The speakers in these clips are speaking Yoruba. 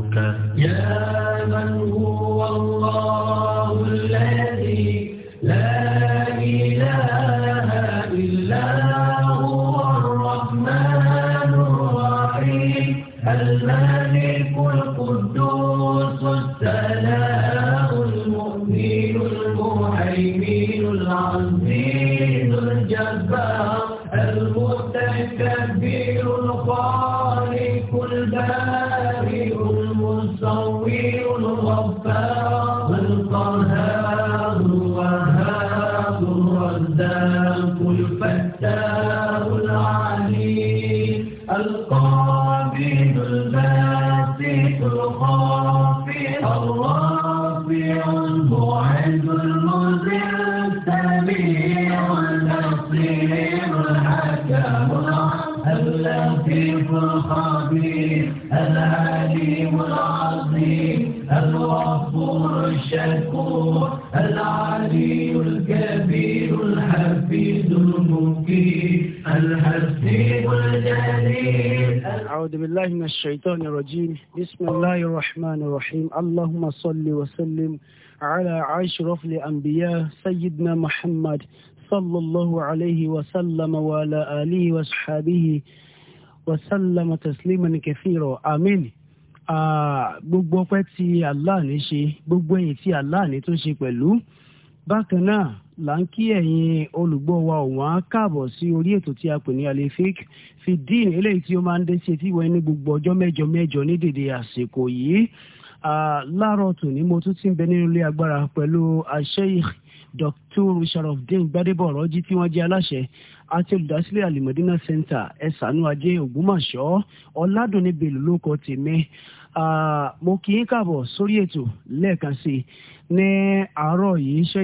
ربك يا من هو الله الرجيم بسم الله الرحمن الرحيم اللهم صل وسلم على أشرف الأنبياء سيدنا محمد صلى الله عليه وسلم وعلى آله وصحبه وسلم تسليما كثيرا آمين gbogbo ọpẹ́ tí Allah ní ṣe gbogbo ẹ̀yìn tí Allah ní tó ṣe pẹ̀lú bákan náà là ń kí ẹ̀yin olùgbọ́ wa òwọ́n káàbọ̀ sí orí ètò tí a pè ní alefik fìdín eléyìí tí ó máa ń dé sí etí ìwọ ní gbogbo ọjọ́ mẹ́jọ mẹ́jọ ní dèdè àsìkò yìí láàárọ̀ tòní mo tún ti ń bẹ nínú ilé agbára pẹ̀lú Sheikh Dr. Sharafdin Gbadebo Ọ̀rọ̀jí tí wọ́n jẹ́ aláṣẹ àti olùdásílẹ̀ alimọ̀dínà center ẹ̀sánú ajé Ògbómọ̀ṣọ́ ọ̀làdùnní bèlú tèmi mo kì í kàbọ̀ sórí ètò lẹ́ẹ̀kan sí i ní àárọ̀ yìí ṣe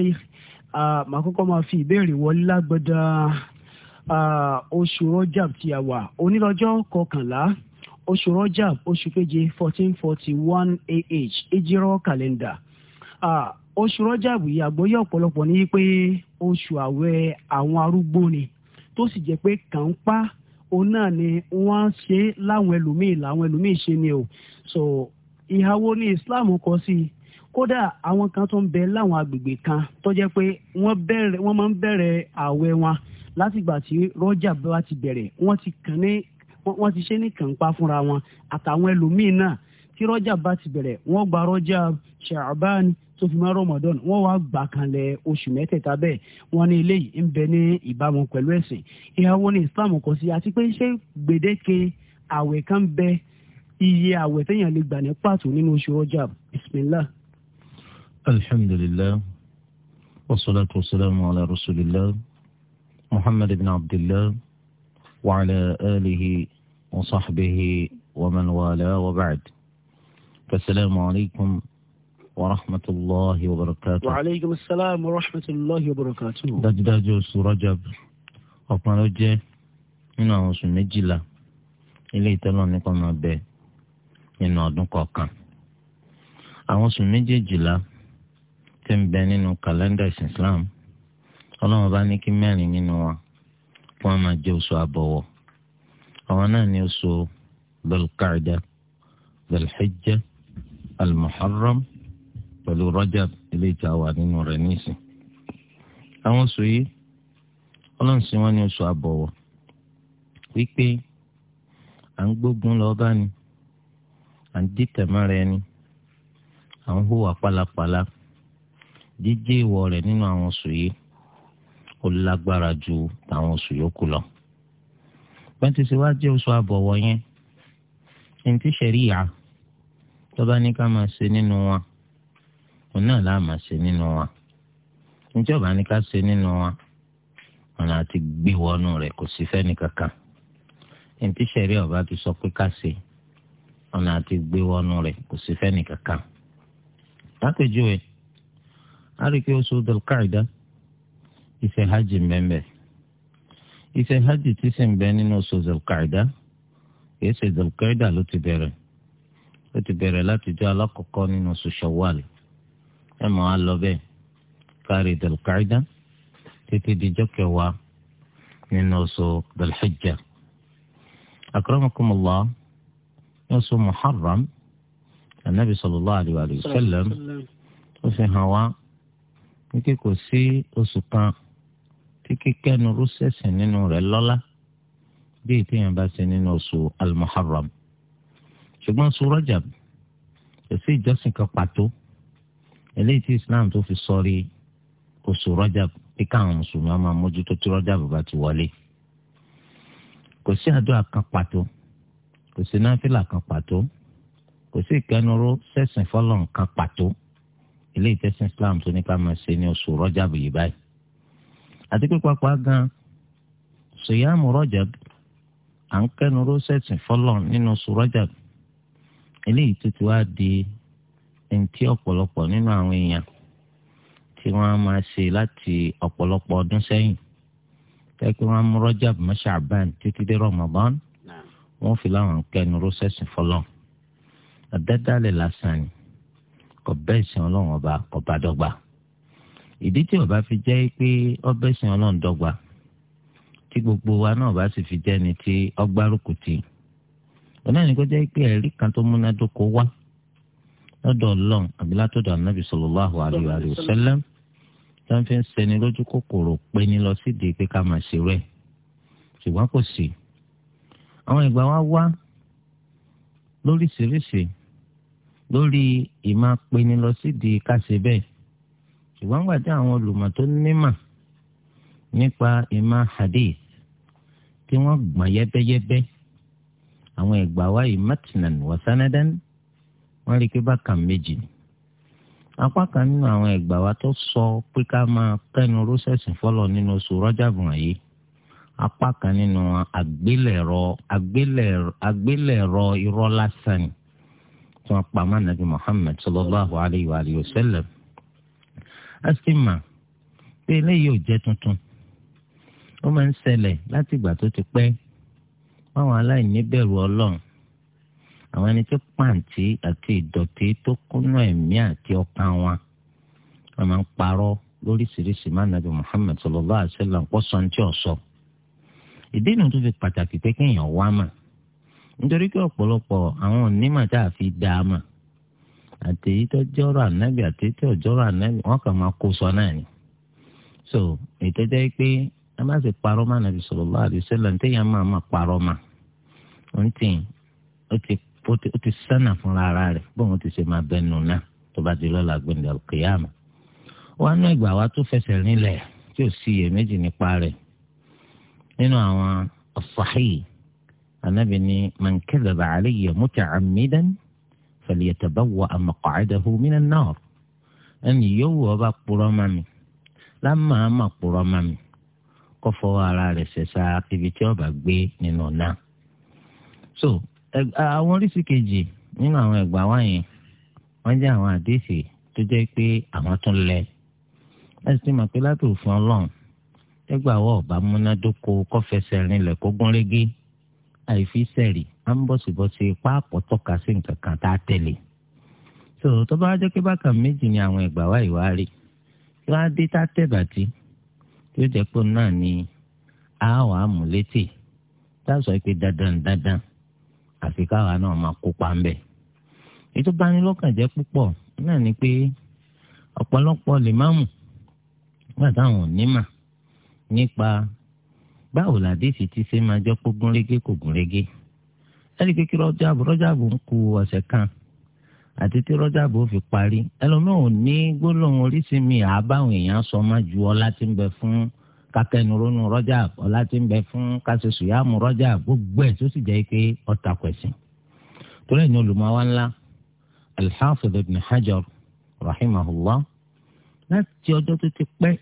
màá kọ́kọ́ máa fi ìbéèrè wọlé lágbọ́dá oṣù rọ́jàb tí a wà onílọ́jọ́ kọkànlá oṣù rọ́jàb oṣù keje fourteen forty one ah ìjírọ̀ kàlẹ́ndà oṣù rọ́jàb yìí àgbọ́yé ọ̀pọ̀lọpọ̀ ní pé oṣù àwẹ̀ àwọn arúgbó ni tó sì jẹ́ pé kàńpá òun náà ni wọ́n ṣe láwọn ẹlòmíì làwọn ẹlòmíì ṣe ni o so ìhàwó ni Islam kọ sí i kódà àwọn kan tó ń bẹ láwọn agbègbè kan tó jẹ́ pé wọ́n bẹ̀rẹ̀ wọ́n máa ń bẹ̀rẹ̀ ààwẹ̀ wọn látìgbà tí rọ́jà bá ti bẹ̀rẹ̀ wọ́n ti kàn ní wọ́n ti ṣe ní kànpá fúnra wọn àtàwọn ẹlòmíì náà tí rọ́jà bá ti bẹ̀rẹ̀ wọ́n gba rọ́jà ṣàbáni tó fi mọ́ rọmọdọ́nù wọ́n wá gbà kanlẹ̀ oṣù mẹ́tẹ̀ẹ̀ta bẹ́ẹ̀ wọ́n ní eléyìí ń bẹ ní ìbámu pẹ̀lú ẹ̀sìn ìhàwọ́ ní Islam kò sí àti pé ṣé gbèdéke àwẹ̀ kan bẹ iye àwẹ̀ téèyàn lè gbà ní pàtó nínú oṣù Rajab bismillah. alhamdulilayi wasalaatu wasalaamu ala rasulillah muhammad ibn abdillah wa ala alihi wa sahbihi wa man wala wa ba'd. fasalaamu alaykum. ورحمة الله وبركاته وعليكم السلام ورحمة الله وبركاته دجداج oṣù Rajab ọ̀kan ló jẹ́ nínú àwọn oṣù méjìlá ilé ìtọ́lọ́ nípa máa bẹ nínú ọdún kọ̀ọ̀kan àwọn oṣù méjèèjìlá ti ń bẹ nínú kàlẹ́ndà ìsìn Islam ọlọ́run bá ní kí mẹ́rin nínú wa kí wọ́n máa jẹ́ oṣù àbọ̀wọ̀ àwọn náà ní oṣù belkaida belhijja almuharram pẹ̀lú Rajab ilé ìta wà nínú rẹ̀ nísìn. àwọn oṣù yìí ọlọ́run sí wọn ní oṣù àbọ̀wọ̀ wípé à ń gbógun lọ bá ni à ń dìtẹ̀ mọ́ra ẹni à ń hùwà pálapàla jíjẹ́ ìwọ rẹ̀ nínú àwọn oṣù yìí ó lágbára ju àwọn oṣù yòókù lọ. bá ti wá jẹ́ oṣù àbọ̀wọ̀ yẹn ẹni tí ṣẹ̀ríyà tó ní ká máa ṣe nínú wọn òun náà la máa ṣe nínú wa níjọba ni ká ṣe nínú wa ọ̀nà àti gbé wọnú rẹ̀ kò sí fẹ́ni kankan ntí sẹ̀rí ọba ti sọ pé ká ṣe ọ̀nà àti gbé wọnú rẹ̀ kò sí fẹ́ni kankan. lápèjúwe a rí oṣù dọ̀lkàìdá ìṣe hajj mbẹ́mbẹ́ ìṣe hajj ti sì ń bẹ nínú oṣù dọ̀lkàìdá kìí ṣe dọ̀lkàìdá ló ti bẹ̀rẹ̀ ló ti bẹ̀rẹ̀ láti jọ alákọ̀ọ́kọ́ nínú oṣù ṣọ̀wálì ẹ mọ̀ á lọ bẹ́ẹ̀ kárí dalqaida títí dijọ́ kẹwàá nínú oṣù dalhijja. akramakumullah oṣù muharram anabi sallallahu alayhi wa sallam ó fi hàn wá wípé kò sí oṣù kan tí kíkẹ́nu rúṣẹ̀sì nínú rẹ̀ lọ́lá bí ìpínyàn bá ṣe nínú oṣù almuharram ṣùgbọ́n oṣù kò sí ìjọsìn kan pàtó eléyìí tí islam tó fi sọrí oṣù rọjab pé káwọn mùsùlùmí ọmọ mójútó tí rọjab bá ti wọlé kò sí àdúrà kan pàtó kò sí náfìlà kan pàtó kò sí ìkẹnuró sẹsìn fọlọ́n kan pàtó eléyìí tẹ̀sìn islam tó ní ká máa ṣe ní oṣù rọjab yìí báyìí àti pé pápá gan sòyàmù rọjab à ń kẹnuró sẹsìn fọlọ́n nínú oṣù rọjab eléyìí tó ti wá di ntí ọ̀pọ̀lọpọ̀ nínú àwọn èèyàn tí wọ́n máa ṣe láti ọ̀pọ̀lọpọ̀ ọdún sẹ́yìn tẹ́ kí wọ́n mú Rajab mọ́ Sha'ban títí dé Ramadan wọ́n fi láwọn kẹnu rọ́ṣẹ́sì fọlọ́ àdádálẹ̀ lásán ni kò bẹ́ẹ̀ sìn ọlọ́run ọba ọba dọ́gba ìdí tí ọba fi jẹ́ pé ọbẹ̀ sìn ọlọ́run dọ́gba tí gbogbo wa náà bá sì fi jẹ́ ni tí ọgbárùkù tì ọ̀nà ni kó pé ẹ̀rí kan tó múnádóko wá lọ́dọ̀ ọlọ́run àbí látọ̀dọ̀ anábì sallallahu alayhi wa sallam tó ń fi ń ṣeni lójú kòkòrò pé ní lọ sídìí pé ká máa ṣe rẹ̀ ṣùgbọ́n kò sí. àwọn ìgbà wa wá lóríṣiríṣi lórí ìmá pé ní lọ sídìí ká ṣe bẹ́ẹ̀ ṣùgbọ́n gbà tí àwọn olùmọ̀ tó nímà nípa ìmá hadith tí wọ́n gbọ̀n yẹ́bẹ́yẹ́bẹ́ àwọn ìgbà wa yìí matinan wa wọ́n rí i pé bákan méjì ni apá kan nínú àwọn ẹgbàá wa tó sọ pé ká máa kẹnu rọ́ṣẹ̀sì fọlọ́ nínú oṣù rọ́jàbù wọ̀nyí apá kan nínú àgbélẹ̀rọ àgbélẹ̀rọ irọ́ lásán ni tí wọ́n pa má nàbí Muhammad sallallahu alayhi wa alihi wa sallam a sì mà pé eléyìí ò jẹ́ tuntun ó máa ń ṣẹlẹ̀ láti ìgbà tó ti pẹ́ báwọn aláìní bẹ̀rù ọlọ́run àwọn ẹni tó pàǹtí àti ìdọ̀tí tó kúnú ẹ̀mí àti ọkàn wọn wọn máa ń parọ́ lóríṣiríṣi má nàbí Muhammad sallallahu alaihi wasallam sọ ní tí ò sọ. ìdí inú tó fi pàtàkì pé kéèyàn wá mà nítorí pé ọ̀pọ̀lọpọ̀ àwọn onímọ̀ tá a fi dá a mà so ìtẹ́jẹ́ pé ẹ má parọ́ nàbí máa máa ó ti sánà fúnra ara rẹ̀ bóun ti ṣe máa bẹnu náà tó bá di lọ́la gbẹ̀ndẹ̀ kìyàmù. wọn nú ìgbà wa tó fẹsẹ̀ rinlẹ̀ tí ò sí iyèméjì nípa rẹ̀ nínú àwọn as-sahih anábì ni man kadhaba alayya muta'ammidan falyatabawwa' maq'adahu minan nar ẹnì yòówù ọba kpọrọ ma mi lámà má mi kọfọ ara rẹ̀ ṣẹṣà ibi tí ọba gbé nínú náà so àwọn oríṣi kejì nínú àwọn ẹgbà wá yẹn wọ́n jẹ́ àwọn àdéṣe tó jẹ́ pé àwọn tún lẹ ẹsì ti mọ̀ pé láti òfin Ọlọ́run ẹgbà wọ ọba múnádóko kọfẹsẹ̀ rinlẹ̀ kó gún régé àìfi sẹ̀rì á ń bọ̀sibọ̀si páàpọ̀ tọ́ka sí nǹkan kan tá a tẹ̀lé tó tó bá jẹ́ pé bákan méjì ni àwọn ẹgbà wá ìwà rí tó á dé tá tẹ̀bàtì tó jẹ́ pé náà ni a wàá mú létí tá a sọ pé dandan dandan àfi káwa náà máa kópa ń bẹ̀. ètò banilọ́kànjẹ́ púpọ̀ náà ni pé ọ̀pọ̀lọpọ̀ lèmáàmù nígbà táwọn ò ní mà nípa báwo làdíìsì ti ṣe máa jẹ́ kó gúnrégé kò gúnrégé. ẹ̀rí pé kí rọ́jàbù rọ́jàbù ń ku ọ̀sẹ̀ kan àti tí rọ́jàbù ó fi parí ẹlòmíràn ò ní gbólóhùn oríṣi mi àbáwọn èèyàn sọ má ju ọlá tí ń bẹ fún kakẹnurónú rọjà ọlá tí ń bẹ fún kásìsù yàmù rọjà gbogbo ẹ tó sì jẹ́ pé ọta kwẹsìn torí ẹni olùmọwá ńlá alḥafiz ibn hajar rahimahullah láti ọjọ́ tó ti pẹ́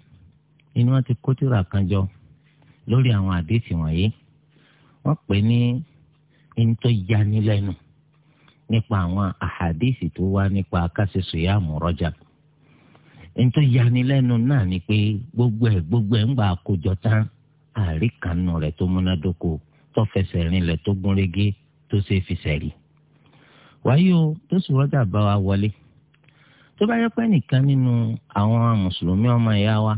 inú wọn ti kó tírà kan jọ lórí àwọn àdéhìí wọ̀nyí wọ́n pè ní ntọ́ yanilẹ́nu nípa àwọn àhàdéhìí tó wá nípa kásìsù yàmù rọjà. ntọ́ yanilẹ́nu náà ni pé gbogbo ẹ̀ gbogbo ẹ̀ ń gbà àkójọ tán àríkànnù rẹ̀ tó múnádóko tó fẹsẹ̀ rinlẹ̀ tó gúnrégé tó ṣe fi sẹ̀rí. wáyé o tó sì rọ́jà bá wa wọlé tó bá yẹ pé nìkan nínú àwọn mùsùlùmí ọmọ ìyá wa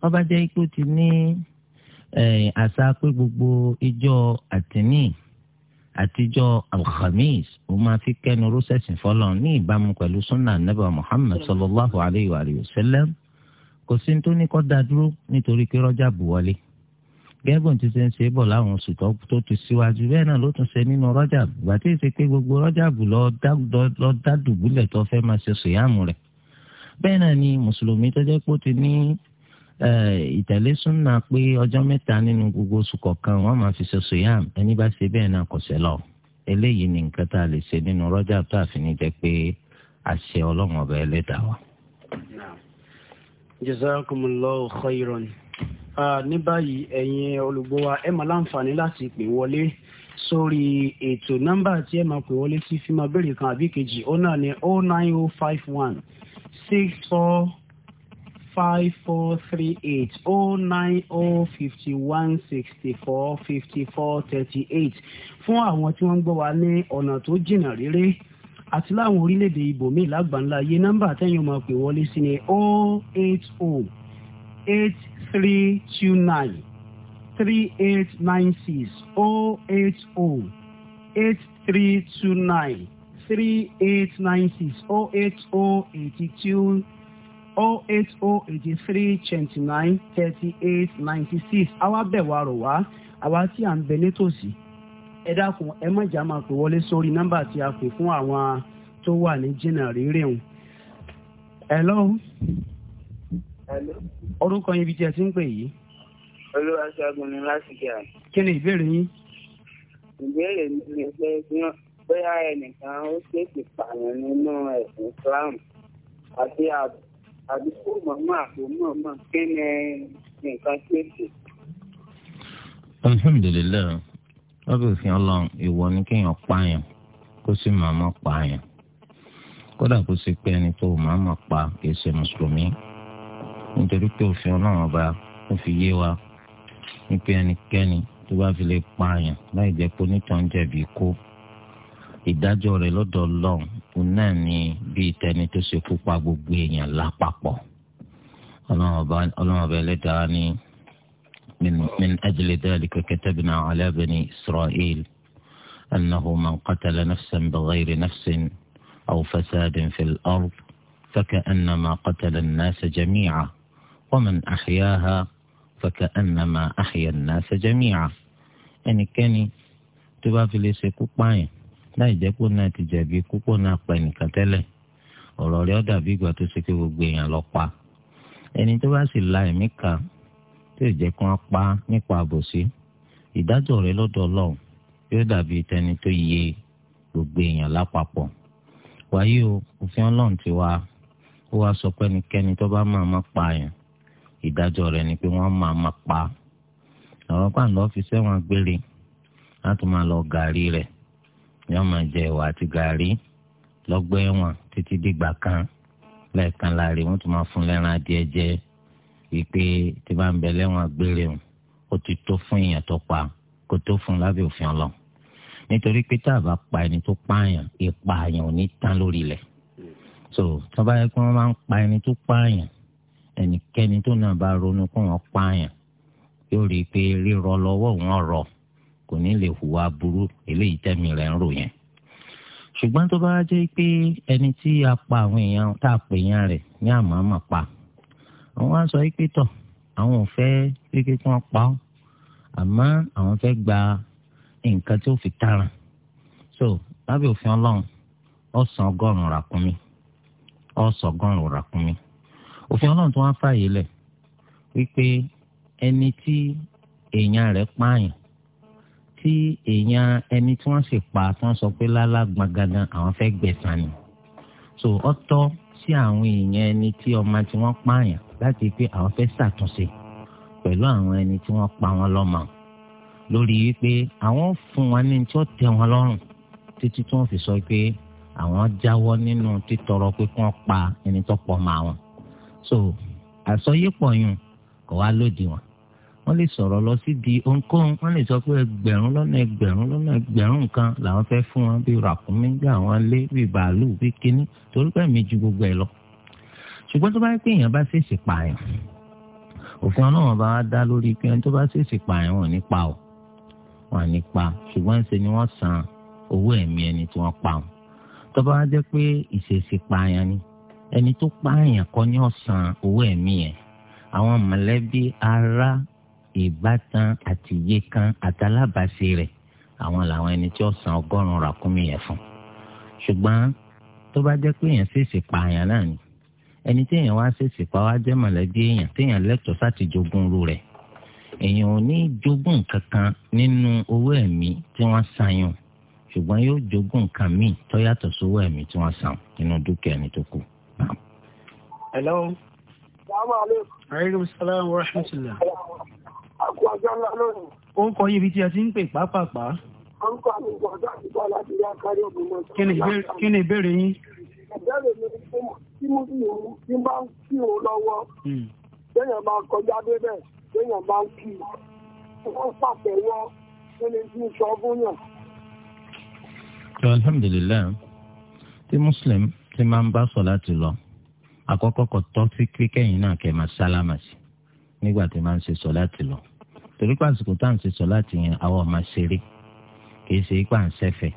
wọ́n bá jẹ́ pé ti ní àṣà pé gbogbo ìjọ àtìní àtijọ́ alhamis ó máa fi kẹ́nu rọ́sẹ̀sìn fọlọ́ ní ìbámu pẹ̀lú sunna anabi muhammed sallallahu alayhi wa sallam kò sí tó ní kó dá dúró nítorí pé rọ́jà bù wọlé gẹ́gbọ̀n ti ṣe ń ṣe bọ̀ láwọn oṣù tó ti síwájú bẹ́ẹ̀ náà ló tún ṣe nínú rọ́jà bù gbà tí pé gbogbo rọ́jà bù lọ dá tó fẹ́ máa ṣe sòyàmù rẹ̀ bẹ́ẹ̀ náà ni mùsùlùmí tó jẹ́ pé ó ti ní ìtẹ̀lé súnà pé ọjọ́ mẹ́ta nínú gbogbo oṣù kọ̀ọ̀kan wọ́n máa fi ṣoṣo yá ẹni bá ṣe bẹ́ẹ̀ náà kò ṣẹlọ eléyìí ni nǹkan tá a lè ṣe nínú rọ́jà tó àfi ní jẹ́ pé àṣẹ ọlọ́run ọba ẹlẹ́dàá wa. jazakumullahu khairan ní báyìí ẹ̀yin olùgbọ́ wa ẹ máa láǹfààní láti pè wọlé sórí ètò nọ́mbà tí ẹ máa pè wọlé sí fíìmù abẹ́rẹ́ kan àbí kejì ó náà ní 09051 64 five four three eight oh nine oh fifty one sixty four fifty four thirty eight fún àwọn tí wọ́n ń gbọ́ wa ní ọ̀nà tó jìnnà réré àti láwọn orílẹ̀-èdè ibòmíì lágbàńlá yé nọ́mbà tẹ́yìn máa pè wọlé sí ni oh eight oh eight three two nine three eight nine six oh eight oh eight three two nine three eight nine six oh eight oh eighty two. 08083293896. 29 38 96 àwa bẹ̀ wá rọ̀ wá àwa tí à ń bẹ nítòsí ẹ dákun ẹ má jà máa pè wọlé sórí nọ́mbà tí a pè fún àwọn tó wà ní jìnnà rírì hùn. hello. hello. orúkọ yín ibi tí ẹ ti ń pè yìí. olúwaṣẹ́gun ni lásìkò àná. kí ni ìbéèrè yín. ìbéèrè mi ni pé bóyá ẹnìkan ó ṣèṣì pààyàn nínú ẹ̀sìn Islam àti àbọ̀ àbí kó màmá àpò màmá kẹ́nẹ́ nǹkan tí ó ṣe. alhamdulilayi lọ́dún òfin ọlọ́run ìwọ ni kéèyàn pààyàn kó sì màmá pààyàn kódà kó sì pé ẹni tó màmá pa kì í ṣe mùsùlùmí nítorí pé òfin ọlọ́run ọba ó fi yé wa wípé ẹnikẹ́ni tó bá fi lè pààyàn láì jẹ́ pé onítàn jẹ̀bi kó ìdájọ́ rẹ̀ lọ́dọ̀ ọlọ́run òun náà ni bíi tẹni tó ṣekú pa gbogbo èèyàn lápapọ̀ ọlọ́run ọba ẹlẹ́dàá ni min ajli dhalika katabna ala bani isra'il annahu man qatala nafsan bighayri nafsin aw fasadin fil ard فكأنما قتل الناس جميعا ومن أحياها فكأنما أحيا الناس جميعا ẹnikẹ́ni tó bá fi lè ṣekú pààyàn láì jẹ́ pé náà ti jẹ̀bi púpọ̀ náà pa ẹnìkan tẹ́lẹ̀ ọ̀rọ̀ rẹ̀ ó dàbí ìgbà tó ṣe pé gbogbo lọ pa ẹni tó bá sì la ẹ̀mí kan tó ì jẹ́ kán pa nípa àbòsí ìdájọ́ rẹ̀ lọ́dọ̀ ọlọ́run yóò dàbí tó yẹ gbogbo èèyàn lápapọ̀ wáyé o òfin ọlọ́run sọ pé ẹnikẹ́ni tó bá máa má pa àyàn ìdájọ́ rẹ̀ ni pé wọ́n máa má pa àwọn gbére lọ gàrí rẹ̀ ni wọ́n máa jẹ ẹ̀wà àti gàrí lọ́gbọ́ ẹ̀wọ̀n títí dìgbà kan lẹ́ẹ̀kan láàrin wọ́n tún máa fún lẹ́ran adìẹ jẹ wípé tí bá ń bẹ lẹ́wọ̀n gbére o ó ti tó fún èèyàn tó pa kó tó fún lábẹ́ òfin ọlọ́run nítorí pé tá a bá pa ẹni tó pààyàn ìpààyàn ò ní tán lórí ilẹ̀ so tó bá yẹ kí wọ́n máa ń pa ẹni tó pààyàn ẹnikẹ́ni tó náà bá ronú kó wọ́n pààyàn yóò rí i pé rírọ lọ́wọ́ òun ọ̀rọ̀ kò ní lè hùwà burú eléyìí tẹ̀mí rẹ̀ ń rò yẹn. ṣùgbọ́n tó bá jẹ́ pé ẹni tí a pa àwọn èèyàn tá a pè yàn rẹ̀ ní àmọ́mọ́ pa àwọn á sọ tọ̀ àwọn ò fẹ́ pé kí wọ́n pa ọ́ àmọ́ àwọn fẹ́ gba nǹkan tí ó fi tààràn so lábẹ́ òfin ọlọ́run ọ̀sán ọgọ́rùn-ún ràkúnmí ọ̀sán ọgọ́rùn-ún ràkúnmí òfin ọlọ́run tó wá fàyè lẹ̀ wípé ẹni tí èèyàn rẹ̀ pààyàn tí èèyàn ẹni tí wọ́n sì pa tí wọ́n sọ pé lálàgbọ̀n gangan àwọn fẹ́ gbẹ̀san ni so ọ̀tọ̀ sí àwọn èèyàn ẹni tí ọmọ tí wọ́n pààyàn láti pé àwọn fẹ́ ṣàtúnṣe pẹ̀lú àwọn ẹni tí wọ́n pa wọn lọ́mọ lórí wípé àwọn fún wọn ní tí ó tẹ́ wọn lọ́rùn títí tí wọ́n fi sọ pé àwọn jáwọ́ nínú títọrọ pé kí wọ́n pa ẹni tó pọ̀ mọ́ àwọn so àsọyépọ̀ yùn kò wá lòdì wọn wọ́n lè sọ̀rọ̀ lọ sí di ohunkóhun wọ́n lè sọ pé ẹgbẹ̀rún lọ́nà ẹgbẹ̀rún lọ́nà ẹgbẹ̀rún nǹkan làwọn fẹ́ fún wọn bíi ràkúnmí bí àwọn lé bíi bàálù bíi kínní torí pé mi ju gbogbo ẹ̀ lọ. ṣùgbọ́n tó bá yẹ pé èèyàn bá ṣèṣì pààyàn òfin ọlọ́run bá wá dá lórí pé ẹni tó bá ṣèṣì pààyàn wọn ní pa ọ wọn ní pa ṣùgbọ́n ṣe ni wọ́n san owó ẹ̀mí ẹni tí wọ́n pa wọn ni ẹni tó pààyàn kọ́ ni ó san àwọn mọ̀lẹ́bí ará ìbátan àtìyé kan àtàlábàṣe rẹ̀ àwọn làwọn ẹni tí ó san ọgọ́rùn-ún ràkúnmí yẹn fún ṣùgbọ́n tó bá jẹ́ pé èèyàn ṣèèṣì pa àyàn náà ni ẹni tí èèyàn wá ṣèèṣì pa wá jẹ́ mọ̀lẹ́bí èèyàn téèyàn lẹ́tọ̀ọ́ sáti jogún irú rẹ̀ èèyàn ò ní jogún kankan nínú owó ẹ̀mí tí wọ́n san yàn ṣùgbọ́n yóò jogún nǹkan míì tó yàtọ̀ sówó ẹ̀mí tí wọ́n san nínú dúkìá ẹni tó kù. hello. salaamaleykum. aleykum salaam wa rahmatulah àkú ọjọ́ ó ń kọ yí ibi tí a ti ń pè pápápá. orúkọ mi ìgbà ọjọ́ àtijọ́ láti yá kárí ògùn mọ́tò. kí ni ìbéèrè yín. ìbéèrè mi ni pé tí mo sì ń tí bá ń kí òun lọ́wọ́ hmm. téèyàn máa kọjá débẹ̀ téèyàn máa ń kí wọ́n pàtẹ́wọ́ tó lè fi sọ fún yàn. alhamdulilayi tí muslim ti máa ń bá sọ láti lọ àkọ́kọ́ kò tọ́ sí pé kẹ́yìn náà kẹ́ máa sálámà sí nígbà tí máa ń ṣe sọ láti lọ torí pàṣípò tá à ń ṣe sọ láti yẹn àwọn ọmọ ṣeré kìí ṣe ipá ń ṣẹ̀fẹ̀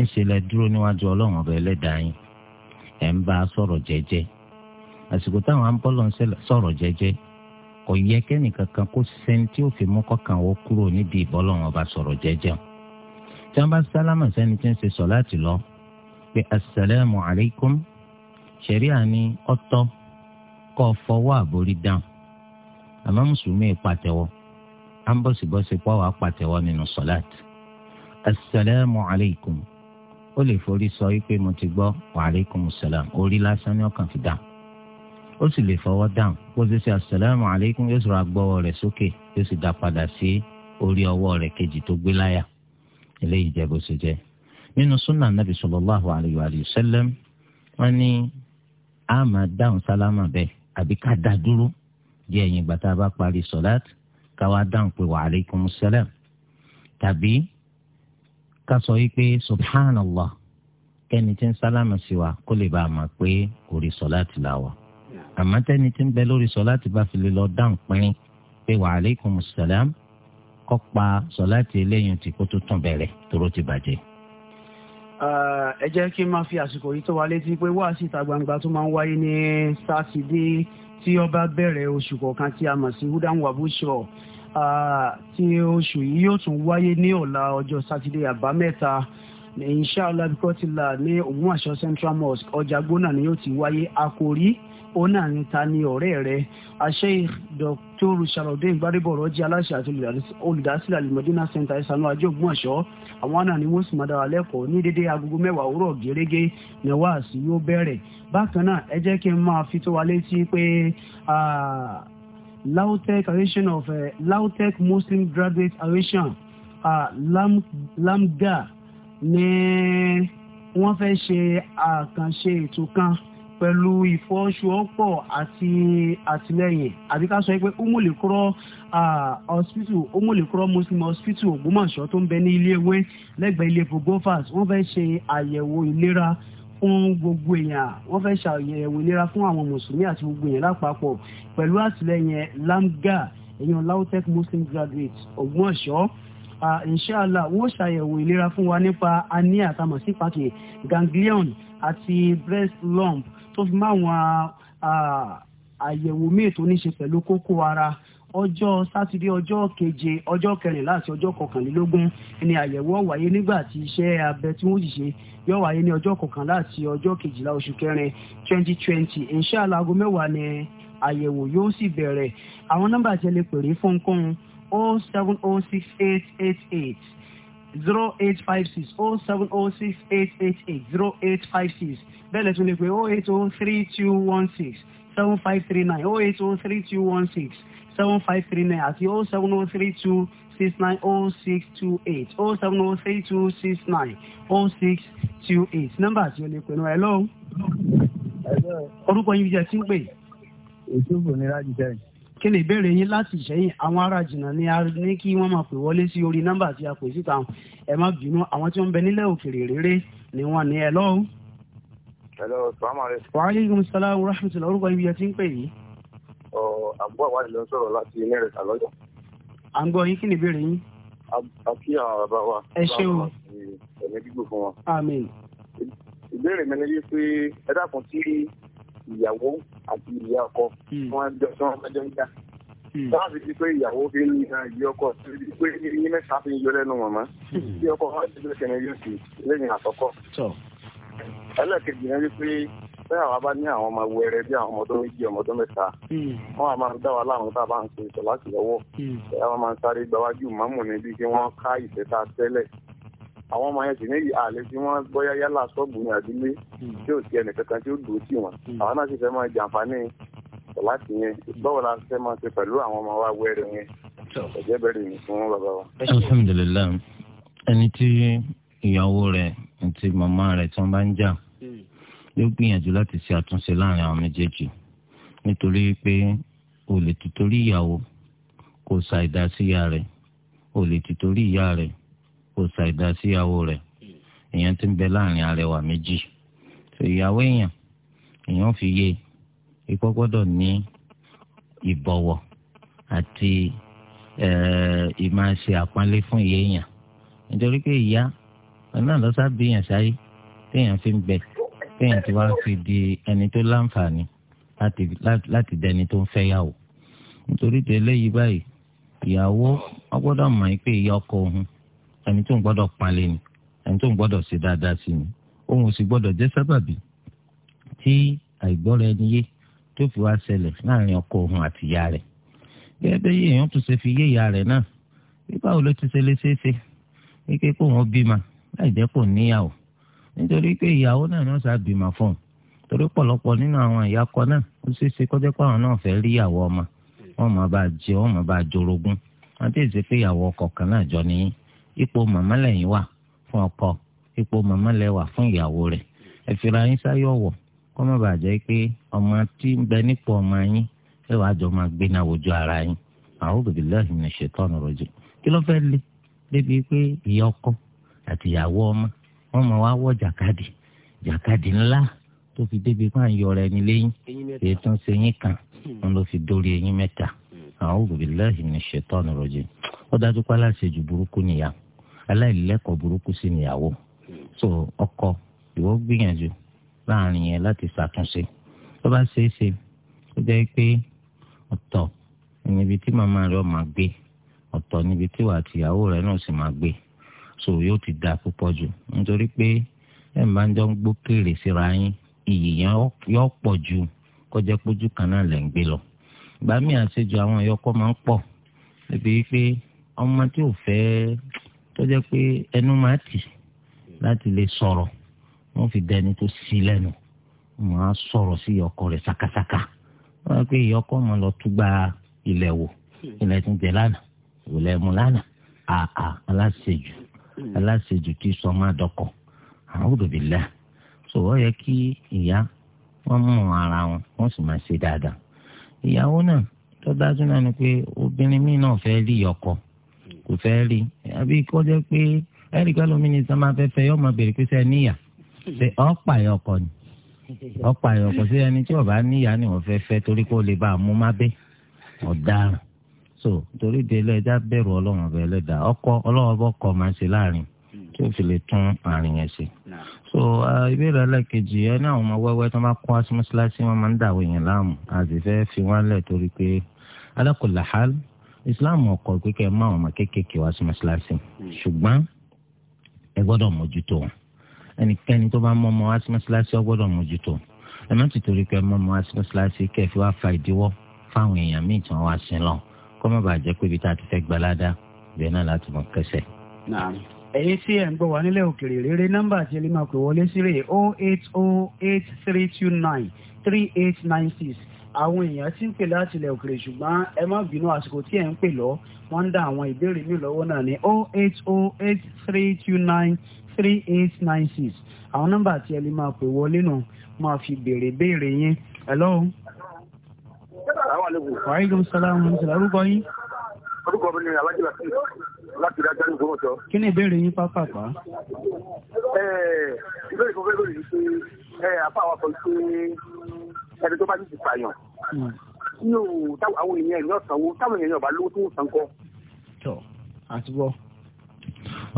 ńṣe lẹ dúró níwájú ọlọ́run ọbẹ̀ ẹlẹ́dàá yín ẹ̀ ń bá a sọ̀rọ̀ jẹ́jẹ́ àsìkò táwọn àǹbọ̀lọ̀ ń sọ̀rọ̀ jẹ́jẹ́ kò yẹ kẹ́nìkankan kó sẹ́ni tí ó fi mú kọ́kàn wọ́n kúrò nídìí ìbọ́lọ́run ọba sọ̀rọ̀ jẹ́jẹ́ tí wọ́n bá sálámà sẹ́ni tí ń ṣe sọ láti lọ pé asalaamu alaykum ṣẹ̀ríà ni ọ̀tọ̀ kọ́ fọwọ́ àbórí dáhùn àmọ́ mùsùlùmí pàtẹ́wọ́ à ń bọ̀sibọ́sí pọ̀ wá pàtẹ́wọ́ nínú sọ́láàtì. asalaamu alaykum ó lè forí sọ wípé mo ti gbọ́ wa alaykum salaam orí lásán ni ọkàn fi dáhùn ó sì lè fọwọ́ dáhùn bó ṣe ṣe asalaamu alaykum yóò sọ̀rọ̀ agbọ́wọ́ rẹ̀ sókè yóò sì dá padà sí orí ọwọ́ rẹ̀ kejì tó gbé láyà eléyìí jẹ́ bó ṣe jẹ́ nínú sunnah nabi sallallahu alayhi wa sallam wọ́n ní a máa dáhùn sálámà bẹ́ẹ̀ àbí ká dá dúró di ẹ̀yìn ìgbà bá parí sọ̀láàtì káwá dáhùn pé wa alaikum salam tàbí ká sọ yìí pé subhanallah kẹ́ni tí ń sálámà sí wa kó lè bá a mọ̀ pé orí sọ̀láàtì là wà àmọ́ tẹ́ni tí ń bẹ lórí sọ̀láàtì bá fi lè lọ dáhùn pín pé wa alaikum salam kọ́ pa sọ̀láàtì eléyìí tí kó tó tún bẹ̀rẹ̀ tóró ti bàjẹ́. Eh, ẹ jẹ́ kí n máa fi àsìkò yìí tó wa létí pé wáàsí ìta gbangba tó máa ń wáyé ní sátidé tí ó bá bẹ̀rẹ̀ oṣù kọ̀ọ̀kan tí a mọ̀ sí húdàn wàbúṣọ̀ ah, tí oṣù yìí yóò tún wáyé ní ọ̀la ọjọ́ sátidé àbámẹ́ta inshallah bíkọ́tìlá ní òmùwàṣọ central mosque ọjà gbóná ni yóò ti wáyé àkòrí òun náà ń ta ni ọ̀rẹ́ rẹ̀ àṣẹ dr sharafdin gbadebọ̀rọ̀ jẹ́ aláṣẹ àti olùdásílẹ̀ alimọ̀dínà center ìsànú ajé ògbómọ̀ṣọ́ àwọn náà ni wọ́n sì máa dára lẹ́kọ̀ọ́ ní dédé agogo mẹ́wàá òwúrọ̀ gẹ́rẹ́gẹ́ nẹ́wàásì yóò bẹ̀rẹ̀ bákan náà ẹ jẹ́ kí n máa fi tó wa létí pé lautech aviation of uh, lautech muslim graduate aviation uh, lam, lamga ni wọ́n fẹ́ ṣe àkànṣe ètò kan pẹ̀lú ìfọwọ́sowọ́pọ̀ àti àtìlẹ́yìn àbí ká sọ pé umulikoro hospital umulikoro muslim hospital Ògbómọ̀ṣọ́ tó ń bẹ ní iléèwé lẹ́gbẹ̀ẹ́ ilé epo gofas wọ́n fẹ́ ṣe àyẹ̀wò ìlera fún gbogbo èèyàn wọ́n fẹ́ ṣàyẹ̀wò ìlera fún àwọn mùsùlùmí àti gbogbo èèyàn lápapọ̀ pẹ̀lú àtìlẹ́yìn lamga èèyàn lautech muslim graduate Ògbómọ̀ṣọ́ inshàlá wọ́n ṣàyẹ̀wò ìlera fún wa nípa anemia àtàmọ̀sípàkì ganglion àti breast lump tó fi máa wọn àyẹ̀wò míì tó ní ṣe pẹ̀lú kókó ara ọjọ́ sátidé ọjọ́ keje ọjọ́ kẹrìnlá àti ọjọ́ kọkànlélógún ni àyẹ̀wò wáyé nígbà tí iṣẹ́ abẹ tí wọ́n yìí ṣe yóò wáyé ní ọjọ́ kọkànlá àti ọjọ́ kejìlá oṣù kẹrin twenty twenty inshallah aago mẹ́wàá ni àyẹ̀wò yóò sì bẹ̀rẹ̀ àwọn nọ́mbà tí ẹ lè pèrè fún kún o oh zero eight five six oh seven oh six eight eight eight zero eight five six bẹ́ẹ̀ lẹ́tún lè pé oh eight oh three two one six seven five three nine oh eight oh three two one six seven five three nine àti oh seven oh three two six nine oh six two eight oh seven oh three two six nine oh six two eight nọ́mbà àti olè pẹ̀lú ẹ̀ lọ́wọ́ orúkọ yín jẹ́ tí ń pè. ètò ìfòníra jù sẹ́yìn kí ni ìbéèrè yín láti ṣẹ́yìn àwọn ará jìnnà ni a ní kí wọ́n máa pè wọlé sí orí nọ́mbà tí a pè síta ẹ má bínú àwọn tí wọ́n ń bẹ nílẹ̀ òkèèrè rere ni wọ́n ní ẹ lọ́wọ́. hello salaam aleykum. wa aleykum salaam wa rahmatulah orúkọ ibi ẹ ti ń pè yìí. ọ àbúrò àwọn àdìlọ sọ̀rọ̀ láti ilé rẹ kàlọjọ. à ń gbọ́ yín kí ni ìbéèrè yín. a kí àwọn bàbá wa. ẹ ṣé o. ẹ̀mí gbígbó fún wọn. àmín. ìbéèrè mi ni ìyàwó àti ìyá ọkọ hmm. wọn jọ sọ ọmọdé ń jà láwọn hmm. fi di pé ìyàwó fi ń yan ìyá ọkọ síbi pé ní mẹ́ta fi ń yọ lẹ́nu mọ̀mọ́ bí hmm. ọkọ wọn ti bẹ̀rẹ̀ kẹ́ni yóò sì lẹ́yìn àkọ́kọ́. ẹlẹ́kejì náà wípé bẹ́ẹ̀ àwa bá ní àwọn ọmọ wẹrẹ bí àwọn ọmọdé méjì ọmọdé mẹ́ta wọn a máa dá wa láwọn tá a bá ń ṣe ìṣọ̀lá sí lọ́wọ́ ẹ̀ wọ́n máa ń sáré gbáwájú màmú níbi kí wọ́n ká ìṣẹ́ta tẹ́lẹ̀ àwọn ọmọ yẹn sì ní àlè tí wọ́n bóyá yálà sọ́ọ̀bù ní àdúgbò hmm. tí ò sí ẹnì kankan tí ó dùn sí wọn àwọn náà sì fẹ́ máa jàǹfààní láti yẹn báwo la fẹ́ máa ṣe pẹ̀lú àwọn ọmọ wa wẹ́rẹ́ yẹn ẹ̀jẹ̀ bẹ̀rẹ̀ yìí fún bàbá wa. alhamdulilayi ẹni tí ìyàwó rẹ̀ àti màmá rẹ̀ tí wọ́n bá ń jà hmm. yóò gbìyànjú láti ṣe àtúnṣe láàrin àwọn méjèèjì nítorí pé o lè tutorí ìyàwó kò ṣàìdásíyà rẹ̀ o lè tutorí ìyá rẹ̀ kò ṣàìdá sí ìyàwó rẹ̀ èèyàn ti ń bẹ láàrin arẹwà méjì tó ìyàwó èèyàn èèyàn fi yé ikọ́ gbọ́dọ̀ ní ìbọ̀wọ̀ àti ìmáṣe àpọ́nlé fún ìyá èèyàn nítorí pé ìyá náà lọ́sàbí èèyàn sáyé téèyàn fi ń bẹ téèyàn ti wá fi di ẹni tó láǹfààní láti dẹni tó ń fẹ́ yàwó nítorí tẹ́lẹ̀ yìí báyìí ìyàwó ọgbọ́dọ̀ mọ̀ pé ìyá ọkọ òun ẹni tó ń gbọ́dọ̀ panlé ni ẹni tó ń gbọ́dọ̀ ṣe dáadáa sí ni òun ò sì gbọ́dọ̀ jẹ́ sábàbí tí àìgbọ́ra ẹni yé tó fi wá ṣẹlẹ̀ láàrin ọkọ òun àti ìyá rẹ̀ gẹ́gẹ́ bẹ́ẹ̀ èèyàn tún ṣe fi yé ìyá rẹ̀ náà bíbá wo ló ti ṣe léṣeéṣe wípé kó wọn bímọ láì jẹ́ kó níyàwó nítorí pé ìyàwó náà náà sá bímọ fún un torí pọ̀lọpọ̀ nínú àwọn ìyá kọ náà ó ṣeé ṣe kọjá pé àwọn náà fẹ́ẹ́ rí ìyàwó ọmọ wọn máa bá jẹ wọn máa bá jorogún wọn ti ṣe pé ìyàwó ọkọ kan náà jọ nìyí ipò màmá lẹ́yìn wà fún ọkọ ipò màmá lẹ́wà fún ìyàwó rẹ̀ ẹ fira yín sáyọ̀wọ̀ kó má bàa jẹ́ pé ọmọ tí ń bẹ ọmọ yín ẹ wàá jọ máa gbé ara yín a'udhu billahi minash shaitani rajim kí ló lé débi ọkọ àti ìyàwó ọmọ wọn wọ jàkadì jàkadì ńlá tó fi débi pé èyí tó ń kan wọn ló fi dórí aláìlẹ́kọ̀ọ́ burúkú sí níyàwó so ọkọ ìwọ gbìyànjú láàrin yẹn láti ṣàtúnṣe tó bá ṣeé ṣe ó jẹ́ pé ọ̀tọ̀ níbi tí màmá rẹ̀ máa gbé ọ̀tọ̀ níbi tí wàá tìyàwó rẹ̀ náà sì máa gbé so yóò ti da púpọ̀ jù nítorí pé ẹ̀ ń bá ń jọ ń gbókèrè síra yín iyì yẹn yọ pọ̀ ju kọjá pójú kan náà lẹ̀ ń gbé lọ gbàmí àṣejù àwọn ẹ̀yọkọ́ máa ń pọ̀ níbi pé ọmọ tí ò fẹ́ tó jẹ́ pé ẹnu máa tì láti lè sọ̀rọ̀ wọ́n fi dẹni tó sí lẹ́nu wọ́n á sọ̀rọ̀ sí ọkọ rẹ̀ sakasaka wọ́n á pé ìyọkọ mọ̀ lọ túgbà ilẹ̀ wò ilẹ̀ tún jẹ lánàá ìwòlẹ̀ mu lánàá àà aláṣejù aláṣejù kì í sọ máa dọkọ a'udhu so wọ́n yẹ kí ìyá wọ́n mú ara wọn wọ́n sì máa ṣe dáadáa ìyàwó náà tó dájú náà ni pé obìnrin míì náà fẹ́ rí ọkọ kò fẹ́ rí àbí kó jẹ́ pé ẹ̀ríkà lómi ní sọ́mà afẹ́fẹ́ yóò máa bèrè pé sẹ́ níyà ṣe ọ̀pá ẹ̀ ọkọ ni ọ̀pá ẹ̀ ọkọ sí ẹni tí ó bá níyà ni wọ́n fẹ́ fẹ́ torí kó lè bá a mú má bẹ́ ọ̀daràn so torí délé ẹja bẹ̀rù ọlọ́run ọ̀bẹ ẹlẹ́dàá ọkọ ọlọ́run bọ́ kọ́ máa ṣe láàrin tí ó fi lè tún àárín yẹn ṣe. so ìbéèrè ẹlẹ́kejì ẹ ní àwọn ọmọ wẹ́wẹ́ tó bá kọ́ aṣọ mọ́ṣáláṣí wọn máa ń dàwọ̀ èèyàn láàmú àti fẹ́ fi wọ́n lẹ̀ torí pé alákòlàhálì islam ọkọ pé kẹ́ ẹ má àwọn ọmọ kéékèèké wá sí mọ́ṣáláṣí hmm. ṣùgbọ́n ẹ gbọ́dọ̀ mójútó wọn ẹnikẹ́ni tó bá mọ ọmọ wá sí mọ́ṣáláṣí ọ gbọ́dọ̀ mójútó ẹ má ti torí pé ẹ mọ ọmọ wá sí mọ́ṣáláṣí kẹ́ ẹ fi wá fa ìdíwọ́ fáwọn èèyàn míì tí wọ́n wá sí lọ kọ́ má bàa jẹ́ pé ibi tá a ti fẹ́ gbalada ibẹ̀ náà láti mọ kẹsẹ̀. ẹ̀yin tí ẹ̀ ń gbọ́ wá nílẹ̀ òkèèrè rere nọ́mbà àti ẹlẹ́mọ̀ pé wọlé sí rè 0808329 3896 àwọn èèyàn tí ń pè láti ilẹ̀ òkèrè ṣùgbọ́n ẹ má bínú àsìkò tí ẹ̀ ń pè lọ wọ́n ń dá àwọn ìbéèrè mi lọ́wọ́ náà ní oh eight oh eight three two nine three eight nine six àwọn nọ́mbà tí ẹ lè máa pè wọlé nù máa fi béèrè béèrè yín hello. wàhálà sàlámù ní sàlámù orúkọ yín. orúkọ mi ni alájí latif láti ìdájọ́ ní ìgbọ́mọ̀tọ́. kí ni ìbéèrè yín pápápá. ìbéèrè kan fẹ́ lórí ṣe àpá àwọn kan ṣe ẹni tó bá ní ti pààyàn yóò táwọn àwọn èèyàn ìlú ọ̀sánwó táwọn èèyàn ọ̀bá lówó tó ń san kọ́. tọ àti bọ.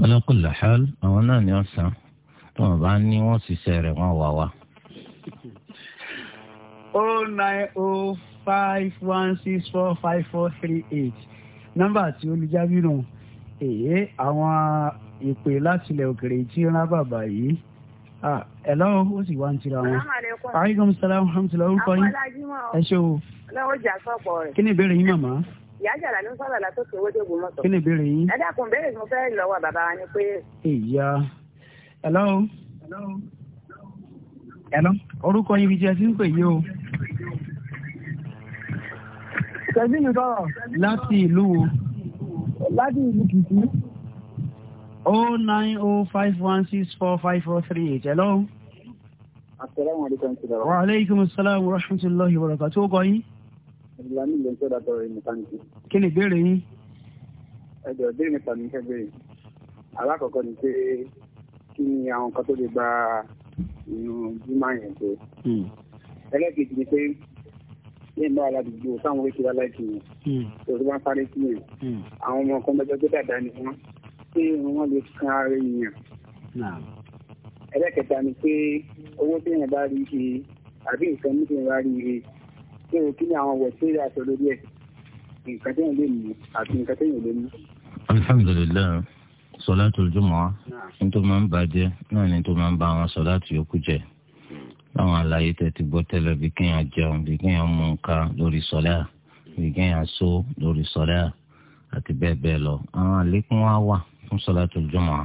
ọlọ́kùnrin làhálù àwọn náà ni wọ́n san tí bá ní wọ́n ṣiṣẹ́ rẹ̀ wọ́n wà wá. o oh nine o oh five one six four five four three eight nọ́mbà tí olùjábí nù èyí àwọn ìpè látilẹ̀ òkèrè tí ń rán bàbá yìí ẹ lọ́wọ́ ó sì wá ń tira wọn. aleykum salaam alhamdulilayi orúkọ yín ẹ ṣe o. lọ́wọ́ jà sọ̀pọ̀ rẹ̀. kí ni ìbéèrè yín màmá. ìyá jàlá ní sọ́lá la tó fi owó dégbò mọ́tò. kí ni ìbéèrè yín. ẹ dákun béèrè mo fẹ́ lọ́wọ́ bàbá wa ni pé. ìyá ẹ lọ́wọ́. ẹ lọ orúkọ yín bíi jẹ́ sí ń pè yí o. sẹ́sìn mi láti ìlú láti ìlú Kìkì oh nine oh five one six four five four three eight hello. asalaamualeykum salaam. wa aleykum salaam wa rahmatulahi wa barakatuh o kọ yín. ìlànà ìlú ìṣẹ́ dàtọ̀ rẹ̀ nìkan ní. kí ni ìbéèrè yín. ẹ jọ̀ọ́ bí nípa mi fẹ́ béèrè alákọ̀ọ́kọ́ ni pé kí ni àwọn nǹkan tó lè ba inú jimá yẹn tó. Hmm. ẹlẹ́kejì ni pé yẹn bá aládùúgbò táwọn wéṣọ aláìsí yẹn tó hmm. tó bá ń sáré sí yẹn hmm. àwọn ọmọ kan lọ́jọ́ tó dàda ni wọ́n pé wọ́n lè kan ara èèyàn. ẹlẹ́kẹta ni pé owó tí èèyàn bá rí ṣe àbí nǹkan ní tèèyàn bá rí ṣe pé o kí ni àwọn wọ̀ sí ilé aṣọ lórí ẹ̀ nǹkan téèyàn lè mú àti nǹkan téèyàn lè mú. alhamdulilayi sọláàtù jùmọ̀ nítorí máa ń bàjẹ́ náà ni tó máa ń ba àwọn sọláàtù yòókù jẹ́ láwọn àlàyé tẹ̀ ti gbọ́ tẹ́lẹ̀ bí kéèyàn jẹun bí kéèyàn mú nǹkan lórí sọláà bí kéèyàn só lórí sọláà àti bẹ́ẹ̀ bẹ́ẹ̀ lọ àwọn àlékún wa wà fún sọláàtù jùmọ̀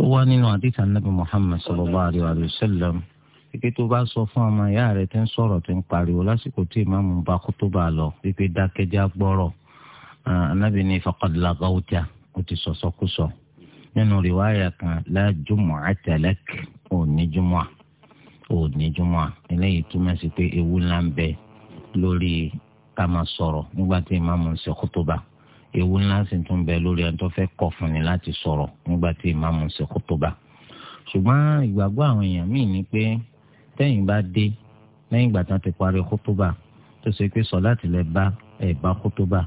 ó wá nínú àdìsá nàbì Muhammad sallallahu alaihi wa sallam pípé tó bá sọ fún ọmọ ìyá rẹ̀ tó ń sọ̀rọ̀ tó ń pariwo lásìkò tí ìmáàmù bá kó tó bá lọ pípé dákẹ́já gbọ́rọ̀ anábì ní faqad laghawta ó ti sọ̀sọ́kúsọ nínú rìwáyà kan la jumu'ata lak jùmọ̀ ò jùmọ̀ eléyìí túmọ̀ sí pé ewu ńlá ń bẹ lórí ká máa sọ̀rọ̀ nígbà tí ìmáàmù ń ṣe kútúbà ewu ńlá sì tún bẹ lórí ẹni tó fẹ́ kọ̀ fún ni láti sọ̀rọ̀ nígbà tí ìmáàmù ṣe kútúbà ṣùgbọ́n ìgbàgbọ́ àwọn èèyàn míì ni pé tẹ́yìn bá dé lẹ́yìn ìgbà tán ti parí kútúbà tó ṣe pé sọ láti lè bá ẹ̀ bá kútúbà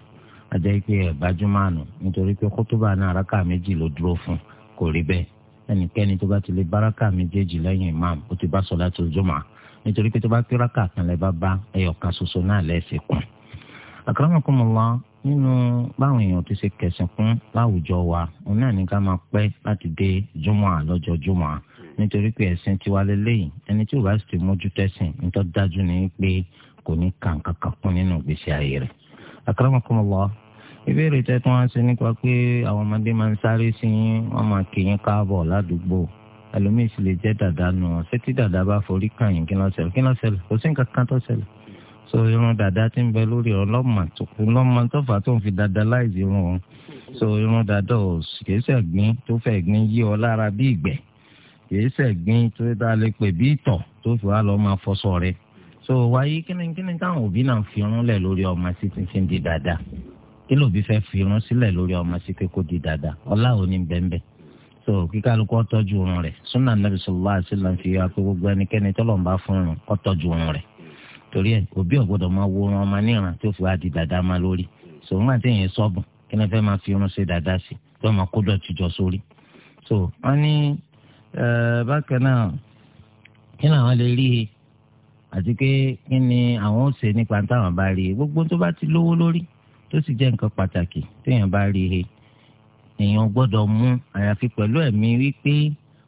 ajẹ́ pé ẹ̀ bá jùmọ̀ànù nítorí pé kútúbà náà rákà méjì ló dúró fún kò rí bẹ́ẹ̀ ẹnikẹ́ni tó bá ti lè bá rákà méjèèjì lẹ́yìn imam ó ti bá sọ láti jùmọ̀à nítorí pé tó bá pé rákà kan lẹ́ bá bá ẹyọ̀kan ṣoṣo náà lẹ́sẹ̀ kù. àkàràmọ̀kùnmọ̀lá nínú báwọn èèyàn ti ṣe kẹsàn kún láwùjọ wa òun náà ní ká máa pẹ́ láti dé júmọ̀ àlọ́jọ́ júmọ̀ à nítorí pé ẹ̀sìn tiwa lélẹ́yìn ẹni tí ò bá sì ti mójú tẹ̀sìn nítorí dájú ni pé kò ní kàn kankan kún nínú ìgbésí ayé rẹ̀. akramakumullah ìbéèrè tẹ́tún wá sí nípa pé àwọn ọmọdé máa ń sáré sí yín wọ́n máa kì yín káàbọ̀ ládùúgbò ẹlòmíì sì lè jẹ́ dàda nù ọ́ ṣé tí dàda bá forí kàn yín kí ló ṣẹlẹ̀ kí ló ṣẹlẹ̀ kò sí nǹkan kan tó ṣẹlẹ̀ so irun dada ti ń bẹ lórí ọ lọ́mọ tó lọ́mọ tó fà tó ń fi dada láìsí irun ọ so irun dada ò kìí ṣẹ̀gbin tó fẹ́ gbin yí ọ lára bí ìgbẹ́ kìí ṣẹ̀gbin tó dá lè pè bí ìtọ̀ tó fi wá lọ́ọ́ máa fọṣọ rẹ so wáyé kínníkínní táwọn òbí náà fi irun lẹ̀ lórí ọmọ sí ti fi ń di dada kí lòbí fẹ́ fi irun sílẹ̀ lórí ọmọ sí pé kó di dada ọlá ò ní bẹ́ẹ̀ so kíkálukú ọtọ́jú irun rẹ̀ Nabi nàbìsọ̀lá àti lànfìyà fi gbogbo ẹnikẹ́ni tọ́lọ́mbà fún irun ọtọ́jú irun rẹ̀ torí ẹ òbí ọ̀gbọ́dọ̀ máa wo ọmọ ọmọ níran tó fi wá di dàda máa lórí sòun àti èèyàn sọ́ọ̀bù kí wọ́n fẹ́ máa fi irun ṣe dàda sí tó máa kó dọ̀tí jọ sórí. so wọ́n ní bákan náà kí làwọn lè rí i àti pé kí ni àwọn ò ṣe nípa táwọn bá rí i gbogbo tó bá ti lówó lórí tó sì jẹ́ nǹkan pàtàkì téèyàn bá rí i èèyàn gbọ́dọ̀ mú àyàfi pẹ̀lú ẹ̀mí wípé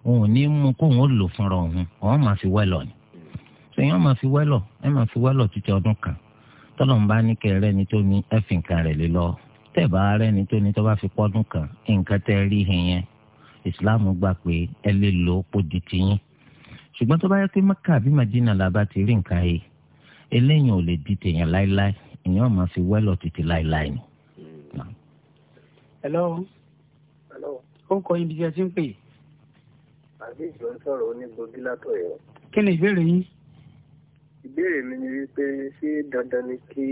òun ò ní mú kóun ó lò fúnra òun òun máa fi wẹ́ lọ ni sèyàn máa fi wẹ́lọ̀ ẹ máa fi wẹ́lọ̀ títí ọdún kan tọ́lọ̀ ń bá ní kẹrẹ́ ni tó ní ẹ fi nǹkan lé lọ tẹ̀bá rẹ̀ ni tó ní tó bá fi pọ́dún kan nǹkan tẹ́ rí hin yẹn islam gbà pé ẹ lè lo podi tiyín ṣùgbọ́n tó bá yẹ pé mẹ́kà àbí madina la bá ti rí nǹkan yìí eléyìn ò lè di tèèyàn láéláé èèyàn máa fi wẹ́lọ̀ títí láéláé ni. hello hello ó ń kọ ibi tí ẹ ti ń pè. àbí ìjọ ń sọ̀rọ̀ onígbòbí látọ̀ yẹn. kí ni ìbéèrè yín. ìbéèrè mi ni wípé ṣé dandan ni kí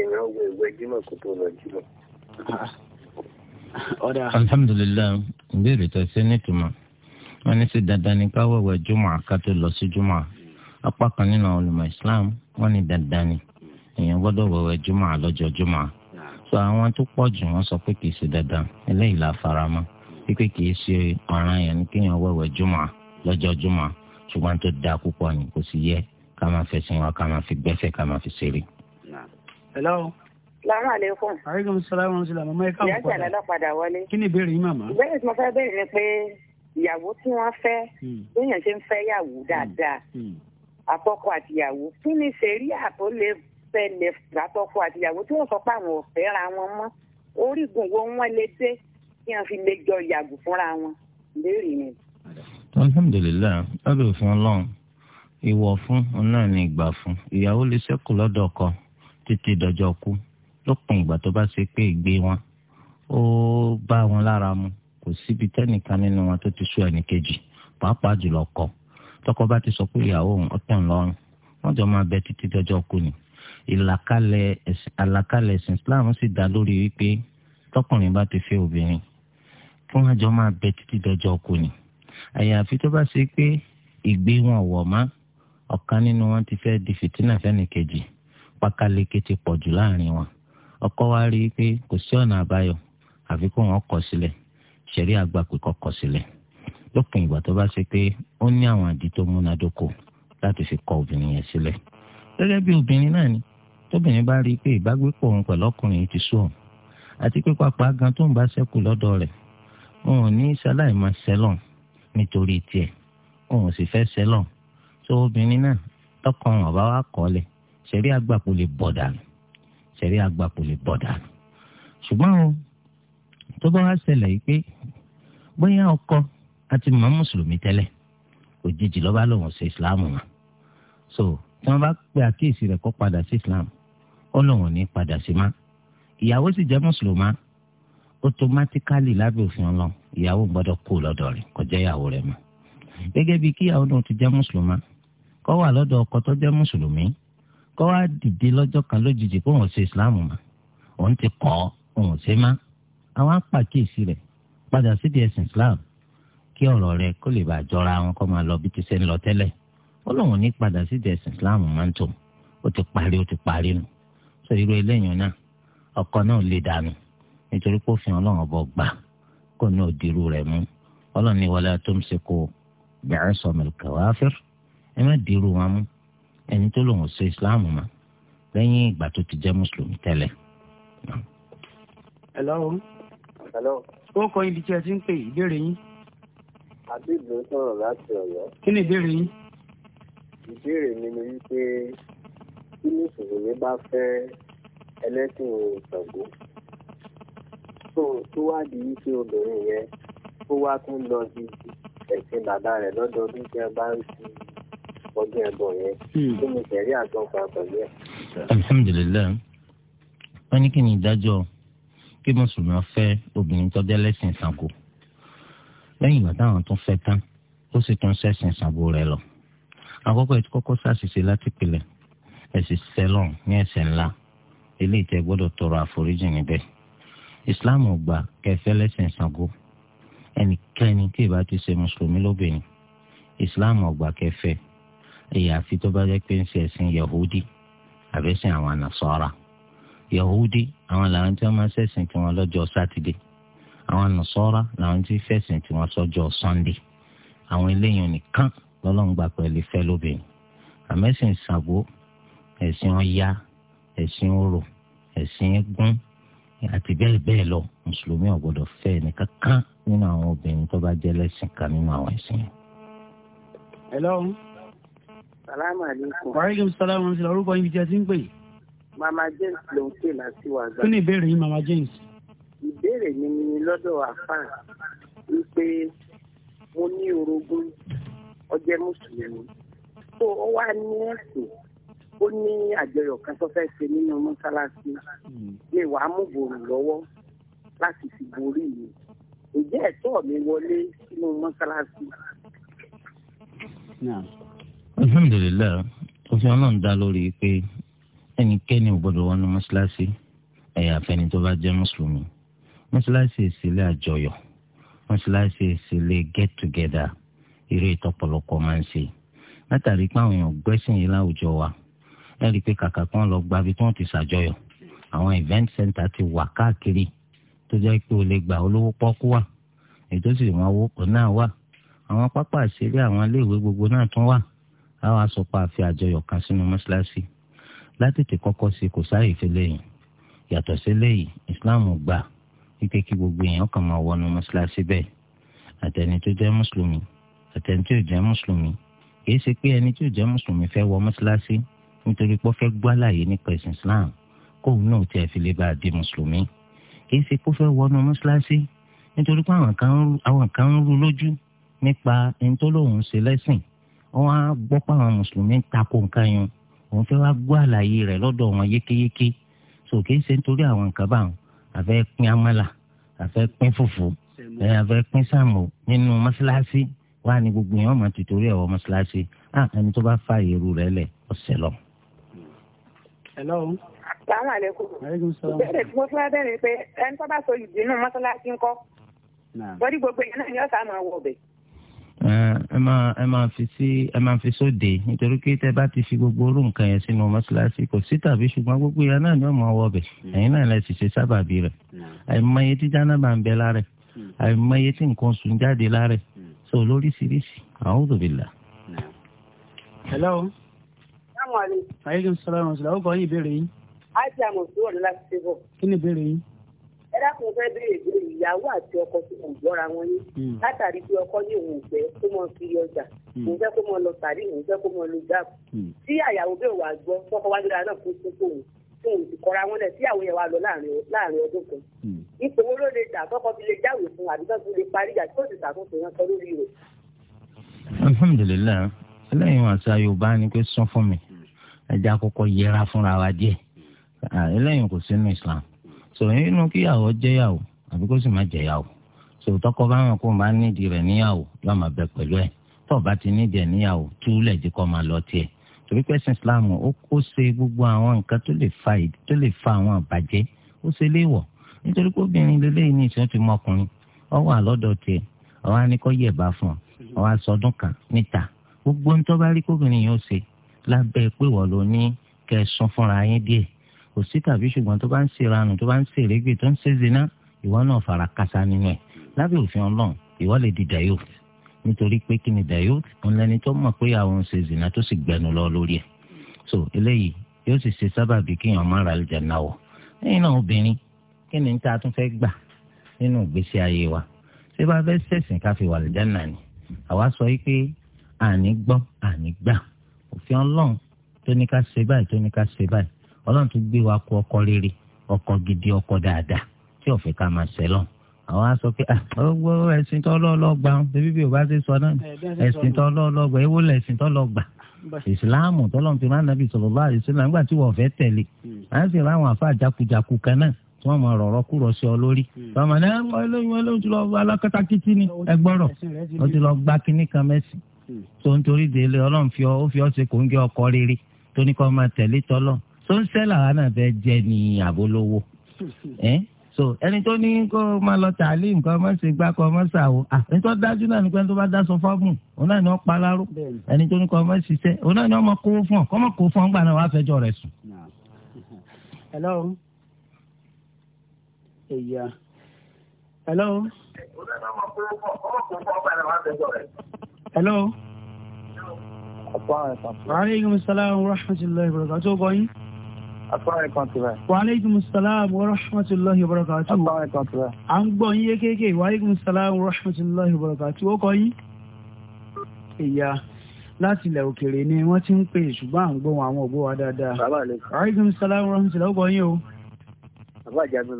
èèyàn wọ ìwẹ̀ jímọ̀ kó tó lọ jímọ̀. alhamdulilayi ìbéèrè tó ṣe nítumọ̀ wọ́n ní sí dandan ni ká wẹ̀wẹ̀ jùmọ̀ ká lọ sí jùmọ̀ apá islam wọ́n ní dandan ni èèyàn gbọ́dọ̀ wẹ̀wẹ̀ jùmọ̀ lọ́jọ́ jùmọ̀ sọ àwọn tó pọ̀ jù wọ́n sọ pé kì í ṣe dandan eléyìí la faramọ́ pípé kì í ṣe ni kéèyàn wẹ̀wẹ̀ jùmọ̀ ká máa fẹsùn wa ká máa fi gbẹ́sẹ̀ ká máa fi ṣeré. hello. Láàrín àlékún. Àríkùn Sọlá Ìwọ̀n Sọlá, màmá ẹ̀ka òkúta. Ìyá ìṣẹ̀lẹ̀ ọlọ́padà wọlé. Kí ni ìbéèrè yín màmá? Ìbéèrè tí mo fẹ́ béèrè ni pé ìyàwó tí wọ́n fẹ́, lóyún hmm. ṣe ń fẹ́ yàwó hmm. dáadáa. Hmm. Àtọkọ àtìyàwó. Kí ni ṣèrí àtó lè fẹ́lẹ̀ látọkọ àtìyàwó tí wọ́n sọ pé àwọn ò fẹ́ra wọn mọ́? Orígun wo wọ́n lè dé kí wọ́n fi lè jọ yàgò fúnra wọn? Ìbéèrè ni. Alhamdulillah, ìwọ̀ fún òun náà ní ìgbà fún ìyàwó lè ṣẹ́kù lọ́dọ̀ ọkọ títí dọjọ́ kú lópin ìgbà tó bá ṣe pé ìgbé wọn ó bá wọn lára mu kò síbi tẹ́nìkan nínú wọn tó ti sú ẹnìkejì pàápàá jùlọ kọ tọkọ bá ti sọ pé ìyàwó òun ọtàn lọ́rùn wọn jọ máa bẹ títí dọjọ́ kú ni ìlàkalẹ̀ àlàkalẹ̀ ẹ̀sìn Islam sì dá lórí wípé tọkùnrin bá ti fẹ́ obìnrin kí wọn jọ máa bẹ títí dọjọ́ kú ni àyàfi tó bá ṣe pé ìgbé wọn wọ̀ máa ọ̀kan nínú wọn ti fẹ́ di fìtínà fẹ́ni kejì pákáleke ti pọ̀ jù láàrin wọn ọkọ wa rí i pé kò sí ọ̀nà àbáyọ àfi kó wọn kọ̀ sílẹ̀ ṣẹ̀rí àgbà pé kọ́ kọ̀ sílẹ̀ lópin ìgbà tó bá ṣe pé ó ní àwọn àdí tó múnádóko láti fi kọ̀ obìnrin yẹn sílẹ̀ gẹ́gẹ́ bí obìnrin náà ni tóbìnrin bá rí i pé ìbágbépọ̀ òun pẹ̀lú ọkùnrin yìí ti sú òun àti pé pàápàá gan tó ń bá ṣẹ́kù lọ́dọ̀ rẹ̀ òun ò ní sáláì máa ṣẹlọ̀ nítorí tiẹ̀ òun ò sì fẹ́ ṣẹlọ̀ so obìnrin náà tọkàn ọba wa kọ́lẹ̀ ṣẹ̀rí àgbàpò lè bọ̀ dànù ṣẹ̀rí àgbàpò lè bọ̀ dànù ṣùgbọ́n o tó bá wá ṣẹlẹ̀ yìí pé bóyá ọkọ àti màmá mùsùlùmí tẹ́lẹ̀ òjijì lọ́ba lòun ṣe ìsìláàmù wọn so tí wọ́n bá pe àkíyèsí rẹ̀ kó padà sí ìsìláàmù ó lòun ní padà sí má ìyàwó sì jẹ́ mùsùlùmá automatically lábẹ́ òfin ọlọ́run ìyàwó gbọ́dọ̀ kú lọ́dọ̀ rẹ̀ kọjá ìyàwó rẹ̀ mọ́ gẹ́gẹ́ bí kíyàwó náà ti jẹ́ mùsùlùmá kọ́ wà lọ́dọ̀ ọkọ tó jẹ́ mùsùlùmí kọ́ wá dìde lọ́jọ́ kan lójijì kó òun ṣe islam mọ́ òun ti kọ́ òun ṣe má àwọn apàkíyèsí rẹ̀ padà síbi ẹ̀sìn islam kí ọ̀rọ̀ rẹ̀ kó lè bàa jọra wọn kọ́ máa lọ bí ti ṣe ń lọ tẹ́lẹ̀ ó lóun ní padà síbi ẹ̀sìn islam máa ń tò ó ti parí ó ti parí nù sọ irú eléyìí náà ọkọ náà lè dànù nítorí pé òfin ọlọ́run ọbọ̀ gbà kó náà dirú rẹ̀ mú ọlọ́run ní wala tumsiku bi'asamil kawafir ẹ má dèrò wọn mú ẹni tó lòun ṣe islam mọ́ lẹ́yìn ìgbà tó ti jẹ́ mùsùlùmí tẹ́lẹ̀. hello. hello. ó kọ ibi tí ẹ ti ń pè ìbéèrè yín. àbíbò sọ̀rọ̀ láti ọ̀yọ́. kí ni ìbéèrè yín. ìbéèrè mi ni wípé tí mùsùlùmí bá fẹ́ ẹlẹ́sìn Ṣàngó tó wá di wípé obìnrin yẹn tó wá tún lọ di ẹ̀sìn bàbá rẹ̀ lọ́dọọdún tí ẹ bá ń fi àpọ̀jù ẹbọ yẹn hmm. kí ni sẹ̀rí àtọ́fà pẹ̀lú ẹ̀. alhamdulilayi wọn ní kí ni ìdájọ́ kí mùsùlùmí fẹ́ obìnrin tó jẹ́ lẹ́sìn Ṣàngó lẹ́yìn ìgbà táwọn tó fẹ́ tán ó sì tún ṣẹ̀sìn Ṣàngó rẹ̀ lọ àkọ́kọ́ ètò kọ́kọ́ ṣàṣìṣe láti pilẹ̀ ẹ̀sìn sẹ́lọ̀n ní ẹ̀ṣẹ̀ ńlá eléyìí tẹ́ gbọ́dọ̀ tọrọ àforíjì níbẹ̀ ìsìláàmù gbà kẹfẹ́ lẹ́sìn Ṣàngó ẹnikẹ́ni tí ì ti ṣe mùsùlùmí lóbìnrin ìsìláàmù ọgbà kẹfẹ́ àyàfi tó bá jẹ́ pé ń ṣe ẹ̀sìn yahudi àbẹ́sìn àwọn ànàsọ́ra yahudi àwọn làwọn tí wọ́n máa ṣẹ̀sìn tiwọn lọ́jọ́ sátidé àwọn ànàsọ́ra làwọn tí fẹ̀sìn tiwọn sọ́jọ́ sọ́ndé àwọn eléyìí nìkan lọ́lọ́ngbà pẹ̀lú ìfẹ́ àmẹ́sìn ṣàgbó ẹ̀sìn ọya ẹ̀sìn orò ẹ̀sìn eégún àti bẹ́ẹ̀ bẹ́ẹ̀ lọ mùsùlùmí ò fẹ́ nínú àwọn obìnrin tó bá jẹ́ lẹ́sìn kan nínú àwọn ẹ̀sìn ẹ lọ́run salaamaleykum. waaleykum salaam wa rahmatulah orúkọ ibi tí a ti ń pè. mama james ló ń pè láti wàgbà. kí ni ìbéèrè yín mama james. ìbéèrè mi ni lọ́dọ̀ àfáà wípé mo ní orogún ọjẹ́ mùsùlùmí tó ó wá ní ẹ̀sìn ó ní àjọyọ̀ kan tó fẹ́ ṣe nínú mọ́sálásí lè wàá mú bòrò lọ́wọ́ láti fi borí mi ǹjẹ́ ẹ̀tọ́ mi wọlé sínú mọ́sálásí alhamdulilayi òfin ọlọ́run dá lórí pé ẹnikẹ́ni ò gbọ́dọ̀ wọnú mọ́ṣáláṣí ẹ̀yà àfẹni tó bá jẹ́ mùsùlùmí mọ́ṣáláṣí ìsílẹ̀ àjọyọ̀ mọ́ṣáláṣí ìsílẹ̀ get together eré ìtọ́pọ̀lọpọ̀ máa ń ṣe látàrí pé àwọn èèyàn gbẹ́sìn yìí láwùjọ wa ẹ rí i pé kàkà kan lọ gba ibi tí wọ́n ti ṣàjọyọ̀ àwọn event center ti wà káàkiri tó jẹ́ pé o lè gba olówó pọ́kú wà ètò sì wọn owó kan náà wà àwọn pápá ìṣeré àwọn iléèwé gbogbo náà tún wà àwọn asopọ̀ àfi àjọyọ̀ kan sínú mọ́ṣáláṣí látètè kọ́kọ́ sí kò sáàyè fẹ́lẹ́ yìí yàtọ̀ sílẹ̀ yìí islam gbà wípé kí gbogbo èèyàn kàn máa wọnú mọ́ṣáláṣí bẹ́ẹ̀ àtẹni tó jẹ́ mùsùlùmí àtẹni tó jẹ́ mùsùlùmí kìí ṣe pé ẹni tó jẹ́ mùsùlùmí fẹ́ wọ mọ́ṣáláṣí nítorí pé ó fẹ́ gbọ́ àlàyé nípa ẹ̀sìn islam kóun náà tiẹ̀ fi lè bá a di mùsùlùmí kìí ṣe pé ó fẹ́ wọnú mọ́ṣáláṣí nítorí pé àwọn kan ń rú lójú nípa ẹni tó lóun ṣe lẹ́sìn wọn á gbọ́ pé àwọn mùsùlùmí ń takò nǹkan yẹn òun fẹ́ wá gbọ́ àlàyé rẹ̀ lọ́dọ̀ wọn yékéyéké so kì í ṣe nítorí àwọn nǹkan báwọn àfẹ́ pín amálà àfẹ́ pín fùfú àfẹ́ pín sàmù nínú mọ́ṣáláṣí wà ní gbogbo yẹn wọ́n máa tìtorí ẹ̀wọ̀ mọ́ṣáláṣí ẹni tó bá fà èrú rẹ̀ lẹ̀ ọ̀sẹ̀ lọ. hello. salaamaleykum. aleykum salaam. ìbéèrè tí mo fẹ́ bẹ́ẹ̀ ẹ máa ẹ máa fi sí ẹ máa fi sóde nítorí pé tẹ bá ti fi gbogbo orú nǹkan yẹn sínú mọ́ṣáláṣí kò sí tàbí ṣùgbọ́n gbogbo yẹn náà ni ọmọ ọwọ́ bẹ̀ hmm. ẹ̀yin náà lẹ sì ṣe sábàbí rẹ̀ hmm. àìmọye tí jáná bá ń bẹ lára ẹ̀ hmm. àìmọye tí nǹkan sùn jáde lára ẹ̀ so lóríṣiríṣi àwọn òdòdó hello. aleykum salaam wa rahmatulah ó kọ́ yín ìbéèrè yín. a ti àmọ̀ sí ọ̀rẹ́ láti ṣe bọ̀. kí ni ìbéèrè yín? ẹ dákun fẹ́ béèrè pé ìyàwó àti ọkọ tí kò gbọ́ra wọn yé hmm. látàrí pé ọkọ ní òun fẹ́ kó mọ kiri ọjà hmm. òun fẹ́ kó mọ lọ sàrí òun fẹ́ kó mọ lo gáàbù hmm. tí àyàwó bẹ́ẹ̀ wà gbọ́ tọkọ wájú dára náà fún fún òun tí òun ti kọra wọn lẹ̀ tí àwọn yẹn wà lọ láàrin ọdún kan ipò ló lè dà tọkọ fi lè jáwèé fún àbí tó fi lè parí ìjà tí ó ti ṣàkóso yẹn sọ lórí rẹ̀. alhamdulilayi eléyìí wọn àṣà yorùbá ni pé sọ fún mi sọ nínú kíyàwó jẹ́yàwó àbí kó sì má jẹ́yàwó sọ tọkọ bá wọn kó máa nídìí rẹ̀ níyàwó yóò máa bẹ pẹ̀lú ẹ̀ tó bá ti nídìí ẹ̀ níyàwó túlẹ̀ jí kọ́ máa lọ tiẹ̀ torí pé Islam ó kó ṣe gbogbo àwọn nǹkan tó lè fa tó lè fa àwọn àbàjẹ́ ó ṣe léèwọ̀ nítorí pé obìnrin lélẹ́yìn ní ìṣẹ́ ti mọ ọkùnrin ọ wà lọ́dọ̀ tiẹ̀ ọ wá ní kó yẹ̀bá fún ọ ọ wá kan níta gbogbo ń tọ́ bá rí kóbìnrin yóò ṣe lábẹ́ pé wọ́n ló ní kẹ́ fúnra yín díẹ̀ kò sí tàbí ṣùgbọ́n tó bá ń ṣe ranù tó bá ń ṣe èrègbè tó ń ṣe zina ìwọ náà fara kásá nínú ẹ̀ lábẹ́ òfin ọlọ́run ìwọ lè di dayo nítorí pé kí ni dayo ńlẹni tó mọ̀ pé àwọn ṣe zina tó sì gbẹnu lọ lórí ẹ̀ so eléyìí yóò sì ṣe sábàbí kéèyàn má ra ìjà náà wọ̀ lẹ́yìn náà obìnrin kí ni tá a tún fẹ́ gbà nínú ìgbésí ayé wa ṣé bá fẹ́ ṣẹ̀sìn ká fi wà lẹ́jà náà ni àwa sọ yìí pé àní gbọ́ àní gbà òfin ọlọ́run tó ṣe báyìí tó ṣe báyìí ọlọ́run tún gbé wa kú ọkọ rere ọkọ gidi ọkọ dáadáa tí ó fẹ́ ká máa ṣẹlọ́n àwọn á sọ pé ọgbọ ah, ẹ̀sìn tó lọ́ọ́lọ́gba bíbí bí o bá ṣe sọ náà ẹ̀sìn tó lọ́ọ́lọ́gba ewu lẹ̀sìn tó lọ́ọ́gba ìsìláàmù tọ́lọ́run fi máa nàbì sọ̀rọ̀ bá àdìsílẹ̀ nígbà tí wọ́n fẹ́ tẹ̀lé hmm. à ń sì àfa àjàkújàkú kan náà tí wọ́n máa rọ̀rọ̀ kúrọ̀ sí ọ lórí. bàmà hmm. ní ẹ̀rọ ni ẹgbọ́rọ̀ ó ti lọ gbá hmm. kínní kan mẹ́sì. tó ń torí délé ọlọ́run fi ọ ó sọ́nsẹ́ làwa náà fẹ́ jẹ́ ní àbólówó so ẹni tó ní kó máa lọ tààlí nǹkan ọmọ ṣe gbá kọ ọmọ ṣàwò ẹni tó dájú náà ní pé tó bá dáṣọ fọ́ọ̀mù òun náà ni wọ́n pa láró ẹni tó ní kọ ọmọ ṣiṣẹ́ òun náà ni wọ́n mọ kówó fún ọ kọ́ mọ kówó fún ọ ńgbà náà wàá fẹjọ́ rẹ̀ sùn. hello ẹ̀yà hello. òun náà ni wọ́n mọ kówó fún ọ kọ́ hello Asalaamualeykum tibẹ. Wa aleykum salaam wa rahmatulahi wa barakatu. Asalaamualeykum tibẹ. À ń gbọ́ yín yékéyéké wa aleykum salaam wa rahmatulahi wa barakatu. Ó kọ yín. Ìyá láti ilẹ̀ òkèèrè ni wọ́n ti ń pè ṣùgbọ́n à ń gbọ́ wọn àwọn òbó wa dáadáa. Bàbá àlè. Wa aleykum o. Bàbá àjà mi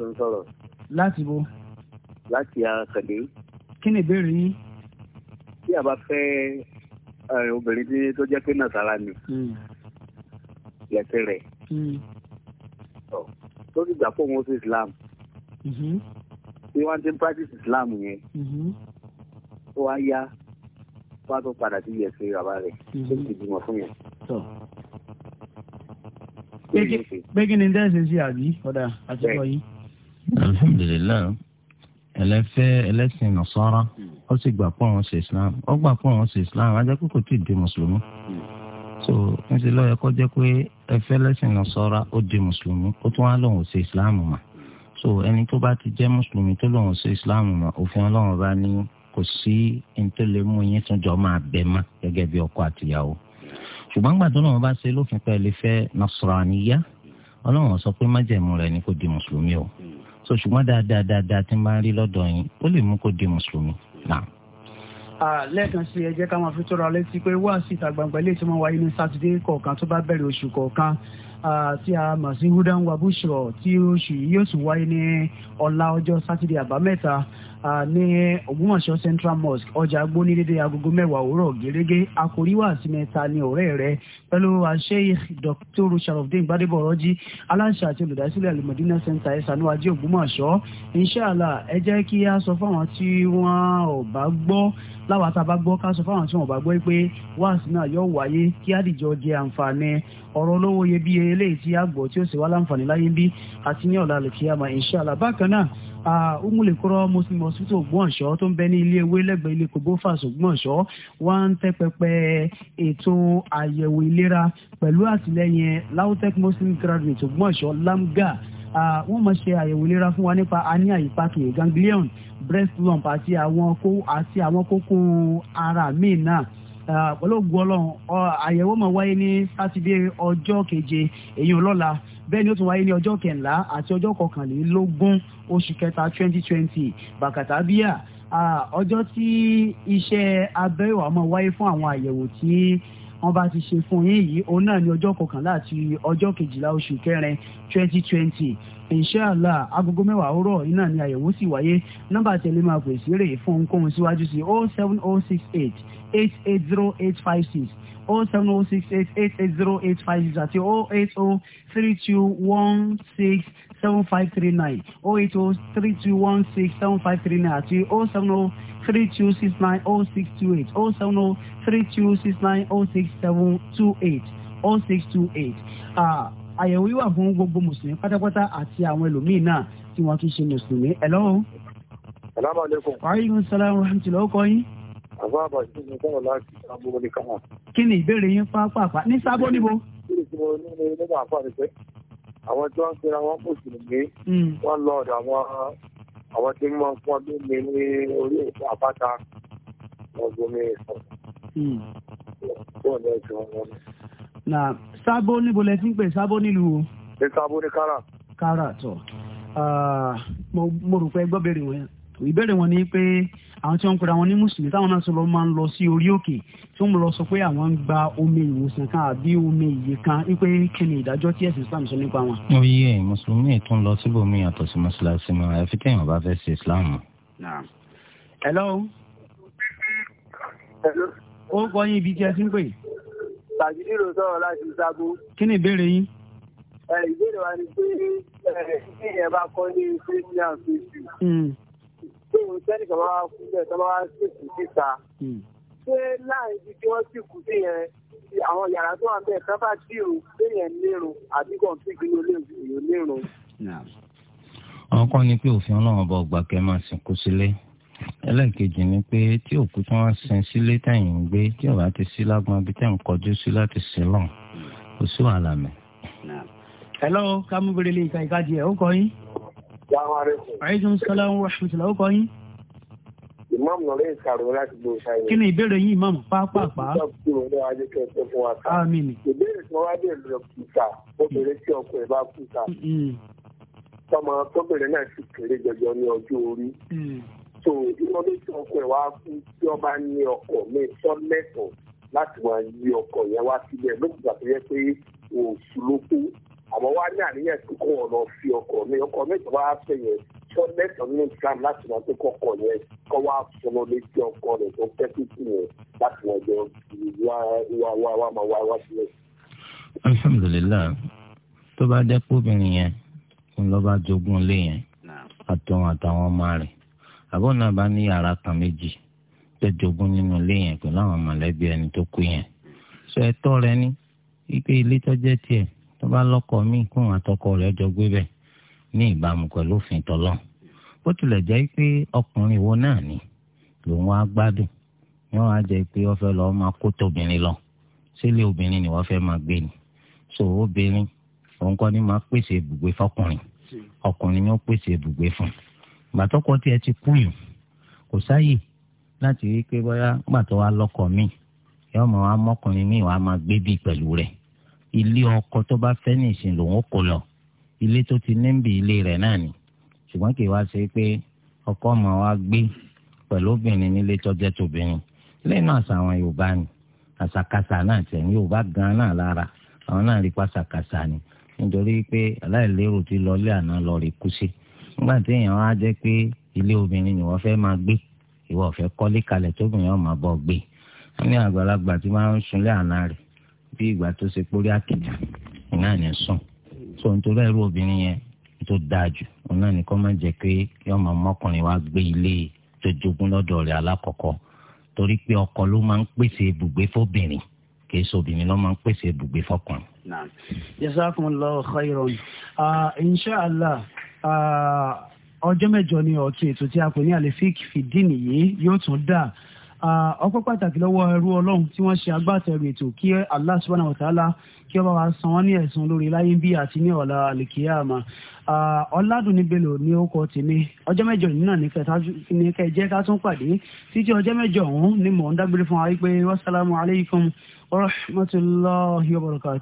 ló ń Mm. tó ti gbà fóun ó sí islam bí mm-hmm. wọ́n ti ń practice islam yẹn mm-hmm. ó wá yá wá tó padà sí yẹ̀ sí bàbá rẹ̀ tó mm-hmm. ti bímọ fún yẹn. gbẹ́gí ni dẹ́sẹ̀ sí àbí ọ̀dà àti ọ̀yí. alhamdulilayi ẹlẹ́fẹ́ ẹlẹ́sìn nasara ó sì gbà pọ̀ wọn sí islam ó gbà pọ̀ wọn sí islam ajá kókò tí ì di mùsùlùmí. Mm so wọ́n ti lọ́ọ́ yẹ kó jẹ́ pé ẹfẹ́ lẹ́sìn náà sọ́ra ó di mùsùlùmí ó tún wá lòun ṣe ìsìláàmù mà so ẹni tó bá ti jẹ́ mùsùlùmí tó lòun ò ṣe ìsìláàmù mà òfin ọlọ́run bá ní kò sí ní tó lè mú yín tún jọ máa bẹ mọ́ gẹ́gẹ́ bí ọkọ àtìyàwó ṣùgbọ́n gbàdúrà náà bá ṣe lófin pẹ̀lú ìfẹ́ nasraniya ọlọ́run sọ pé májẹ̀mú rẹ̀ ni kò di mùsùlùmí o so ṣùgbọ́n dáadáa dáadáa tí ń bá ń rí lọ́dọ̀ yín ó lè mú kó di mùsùlùmí náà lẹ́ẹ̀kan sí ẹ jẹ́ ká máa fi tó ra létí pé wá sí ìta gbangba ilé tí wọ́n wáyé ní sátidé kọ̀ọ̀kan tó bá bẹ̀rẹ̀ oṣù kọ̀ọ̀kan tí a mọ̀ sí húdán wabúṣọ̀ tí oṣù yìí yóò sì wáyé ní ọ̀la ọjọ́ sátidé àbámẹ́ta ní Ògbómọ̀ṣọ́ Central Mosque ọjà agbónídéédé agogo mẹ́wàá òwúrọ̀ gẹ́gẹ́ akoriwa àsìmẹ́ta ní ọ̀rẹ́ rẹ̀ pẹ̀lú àṣeyìí Dr. Sharafdin Gbadebo ọ̀rọ̀jì aláṣà àti olùdásílẹ̀ alimọ̀dínà center ẹ̀sánú ajé Ògbómọ̀ṣọ́ inṣàlá ẹ jẹ́ kí a sọ fáwọn tí wọ́n ò bá gbọ́ láwa tá a bá gbọ́ ká sọ fáwọn tí wọ́n ò bá gbọ́ pé wáàsí náà yóò wáyé kí á dìjọ jẹ àǹfààní ọ̀rọ̀ olówó iyebíye eléyìí tí a gbọ́ tí ó sì wá láǹfààní láyé bí àti ní ọ̀la lè kí a bákan náà umulekoro muslim hospital Ògbómọ̀ṣọ́ tó ń bẹ ní ilé ewé lẹ́gbẹ̀ẹ́ ilé kògbófà Ògbómọ̀ṣọ́ wá ń tẹ́ pẹpẹ ètò àyẹ̀wò ìlera pẹ̀lú àtìlẹ́yìn lautech muslim graduate Ògbómọ̀ṣọ́ lamga wọ́n máa ṣe àyẹ̀wò ìlera fún wa nípa hernia ìpàkì ganglion breast lump àti àwọn kó àti àwọn kókó ara míì náà pẹ̀lú ògùn ọlọ́run àyẹ̀wò máa wáyé ní sátidé ọjọ́ keje èyí ọlọ́la bẹ́ẹ̀ ni ó tún wáyé ní ọjọ́ kẹ̀ńlá àti ọjọ́ kọkànlélógún oṣù kẹta twenty twenty bàkàtà bíà ọjọ́ tí iṣẹ́ abẹ́wò àmọ́ wáyé fún àwọn àyẹ̀wò tí wọ́n bá ti ṣe fún yín yìí òun náà ní ọjọ́ kọkànlá àti ọjọ́ kejìlá oṣù kẹrin twenty twenty inshàlá agogo mẹ́wàá òwúrọ̀ yìí náà ni àyẹ̀wò sì wáyé nọ́mbà tẹ̀lé máa pè sí rèé fún ohunkóhun síwájú sí oh seven oh six eight eight eight zero eight five six o oh seven o oh six eight eight eight zero eight five six àti o eight o oh three two one six seven five three nine o eight o three two one six seven five three nine àti o seven o three two six nine o six two eight o seven o three two six nine o six seven two eight o six two eight ah, àyẹ̀wò yìí wà fún gbogbo mùsùlùmí pátápátá àti àwọn ẹlòmíì náà tí wọ́n tún ṣe mùsùlùmí. Hello. Assalamu alaikum. Wa alaikum salaam wa rahmatullahi wa àbá àbàjú mi kọ́ láti sábó ní káwọn. kí ni ìbéèrè yín pápápá ní sábó níbo. ìbéèrè tí mo ní ní nígbà àpá ni pé àwọn tí wọ́n ń pera wọn kò sì ní wọ́n lọ ọ̀dọ̀ àwọn àwọn tí wọ́n ń pọ́n ló ní ní orí ètò àpáta ọ̀gbọ́nmi ẹ̀sán. na sábó níbo lẹ ti ń pè sábó nílùú o. ní sábó ní kárà. kárà tọ ah, mo rò pé gbọ́ ìbéèrè wọn ni pé àwọn tí wọ́n ń pera wọn ní mùsùlùmí táwọn náà sọlọ máa ń lọ sí orí òkè tí wọ́n lọ sọ pé àwọn ń gba omi ìwòsàn kan àbí omi ìyè kan wípé kí ni ìdájọ́ tí ẹ̀sìn islam sọ nípa wọn. ó yẹ e, mùsùlùmí tó ń lọ síbòmí yàtọ̀ sí mọ́ṣáláṣí mọ́ àfi téèyàn bá fẹ́ ṣe islam. hello. ó kọ́ yín ibi tí ẹ ti ń pè. tàbílì ló sọ̀rọ̀ láti ṣáàbù. kí ni ìbéèrè yín. ìbéèrè wa ni pé ẹ̀ lẹ́yìn sẹ́ni kan máa kú bẹ́ẹ̀ tó máa ṣèkù síta hmm. ṣé láàrin ibi tí wọ́n ṣèkù sí yẹn àwọn yàrá tó wà bẹ́ẹ̀ kábà tí o léyìn lérun àbí kan tí ìgbìmọ̀ lè lérun. àwọn kan ní pé òfin ọlọ́run bá ọgbà kẹ́ máa sìnkú sílé ẹlẹ́ẹ̀kejì ni pé tí òkú tí wọ́n sin sílé tẹ̀yìn ń gbé tí ọ̀rá ti sí lágbọ́n ibi tẹ̀ ń kọjú sí láti sílọ̀n kò sí wàhálà mẹ́. hello kámúbèrè lè ka ìkàjì ẹ̀ ó kọ́ yín. Àyíṣẹ́ Mùsùlùmí àwọn ọ̀ṣùnṣùlá ó kọ́ yín. Imam Nọ̀rẹ́ Ìkàrò láti gbé oṣù ayé. Kí ni ìbéèrè yín Imam pàápàá? Àmín. Ìbéèrè tí wọ́n wá dé lọ kùtà, obìnrin hmm. tí ọkọ ẹ̀ bá kùtà. Hmm. Tọmọ tóbìnrin náà sì kéré jọjọ ní ọjọ́ orí. Hmm. So ìwọ́n bí tí ọkọ ẹ̀ wá kú tí ọba ní ọkọ mi sọ lẹ́tọ̀ọ́ láti máa yí ọkọ yẹn wá sílẹ̀ lókùtà tó yẹ pé òṣù ló kú àmọ́ wá ní àníyàn tí kò ọ̀nà fi ọkọ̀ mi ọkọ̀ mi tó bá fẹ́ yẹn tó lẹ́tọ̀ọ́ nínú Islam láti máa tó kọ́kọ́ yẹn kọ́ wá sọmọ létí ọkọ rẹ̀ tó pẹ́ títí yẹn láti wọ́n jọ wá wá wá máa wá wá sílẹ̀. alhamdulilayi tó bá jẹ́ kóbìnrin yẹn ń lọ́ bá jogún lé yẹn àtọ̀hún àtàwọn ọmọ rẹ̀ àbọ̀ náà bá ní yàrá kan méjì tó jogún nínú ilé yẹn pẹ̀lú àwọn mọ̀lẹ́bí ẹni tó kú yẹn sọ ẹ̀tọ́ rẹ̀ ní wípé ilé tó tiẹ̀ tó bá lọ́kọ míì kún àtọkọ rẹ̀ jọ gbé bẹ̀ ní ìbámu pẹ̀lú òfin tọ́lọ́ bó tilẹ̀ jẹ́ pé ọkùnrin wo náà ni lòun á gbádùn wọn á jẹ́ pé wọ́n fẹ́ lọ́ọ́ máa kó tóbìnrin lọ sílé obìnrin ni wọ́n fẹ́ máa gbé ni so obìnrin òun kọ́ ni máa pèsè ibùgbé fọkùnrin ọkùnrin ni ó pèsè ibùgbé fún gbàtọ́kọ tí ẹ ti kú yìí kò sáyè láti rí i pé bóyá gbàtọ́ wa lọ́kọ míì yọ́ọ́ mọ̀ wá mọ́kùnrin míì wàá máa gbé bíi pẹ̀lú rẹ̀ ilé ọkọ tó bá fẹ́ nìsín lòun kò lọ ilé tó ti níbi ilé rẹ̀ náà ni ṣùgbọ́n kì í wá ṣe pé ọkọ ọmọ wa gbé pẹ̀lú obìnrin nílé tọ́jẹ́ tóbìnrin lẹ́nu àṣà àwọn yorùbá ni àṣàkáṣà náà tẹ̀ ní yorùbá gan náà lára àwọn náà rí pàṣàkáṣà ni nítorí pé aláìlérò ti lọlé àná lọ rí kú sí nígbà tí èèyàn á jẹ́ pé ilé obìnrin ni wọ́n fẹ́ máa gbé ìwọ fẹ́ kọ́lé kalẹ̀ tóbìnrin ọ̀ máa bọ̀ gbé ẹni àgbàlagbà tí máa ń sunlé àná rẹ̀ bí ìgbà tó ṣe pórí àkìtì náà ní sùn tó ń torí ẹrú obìnrin yẹn tó dáa jù òun náà ní kó má jẹ́ pé kí ọmọ ọmọkùnrin wa gbé ilé tó jogún lọ́dọ̀ rẹ̀ alákọ̀ọ́kọ́ torí pé ọkọ ló máa ń pèsè ibùgbé fóbìnrin kì í sobìnrin ló máa ń pèsè ibùgbé fọkùnrin. naam jazakumullahu khairan ah, inshàlá ah, ọjọ́ mẹ́jọ ni ọ̀tún ètò tí a kò ní àlefíìkì fìdí nìyí yóò tún dáa ọpẹ́ pàtàkì lọ́wọ́ ẹrú ọlọ́run tí wọ́n ṣe agbátẹrù ètò kí Allah subhanahu wa ta'ala kí ọba wa san wọ́n ní ẹ̀sùn lórí láyé bí àti ní ọ̀la àlìkíyàmà ọ̀làdùn níbelò ní ọkọ̀ tèmi ọjọ́ mẹ́jọ yìí náà ní kẹ́ ká tún pàdé títí ọjọ́ mẹ́jọ ọ̀hún ni mò ń dágbére fún wa wípé wassalamu alaikum warahmatullahi wabarakatuh.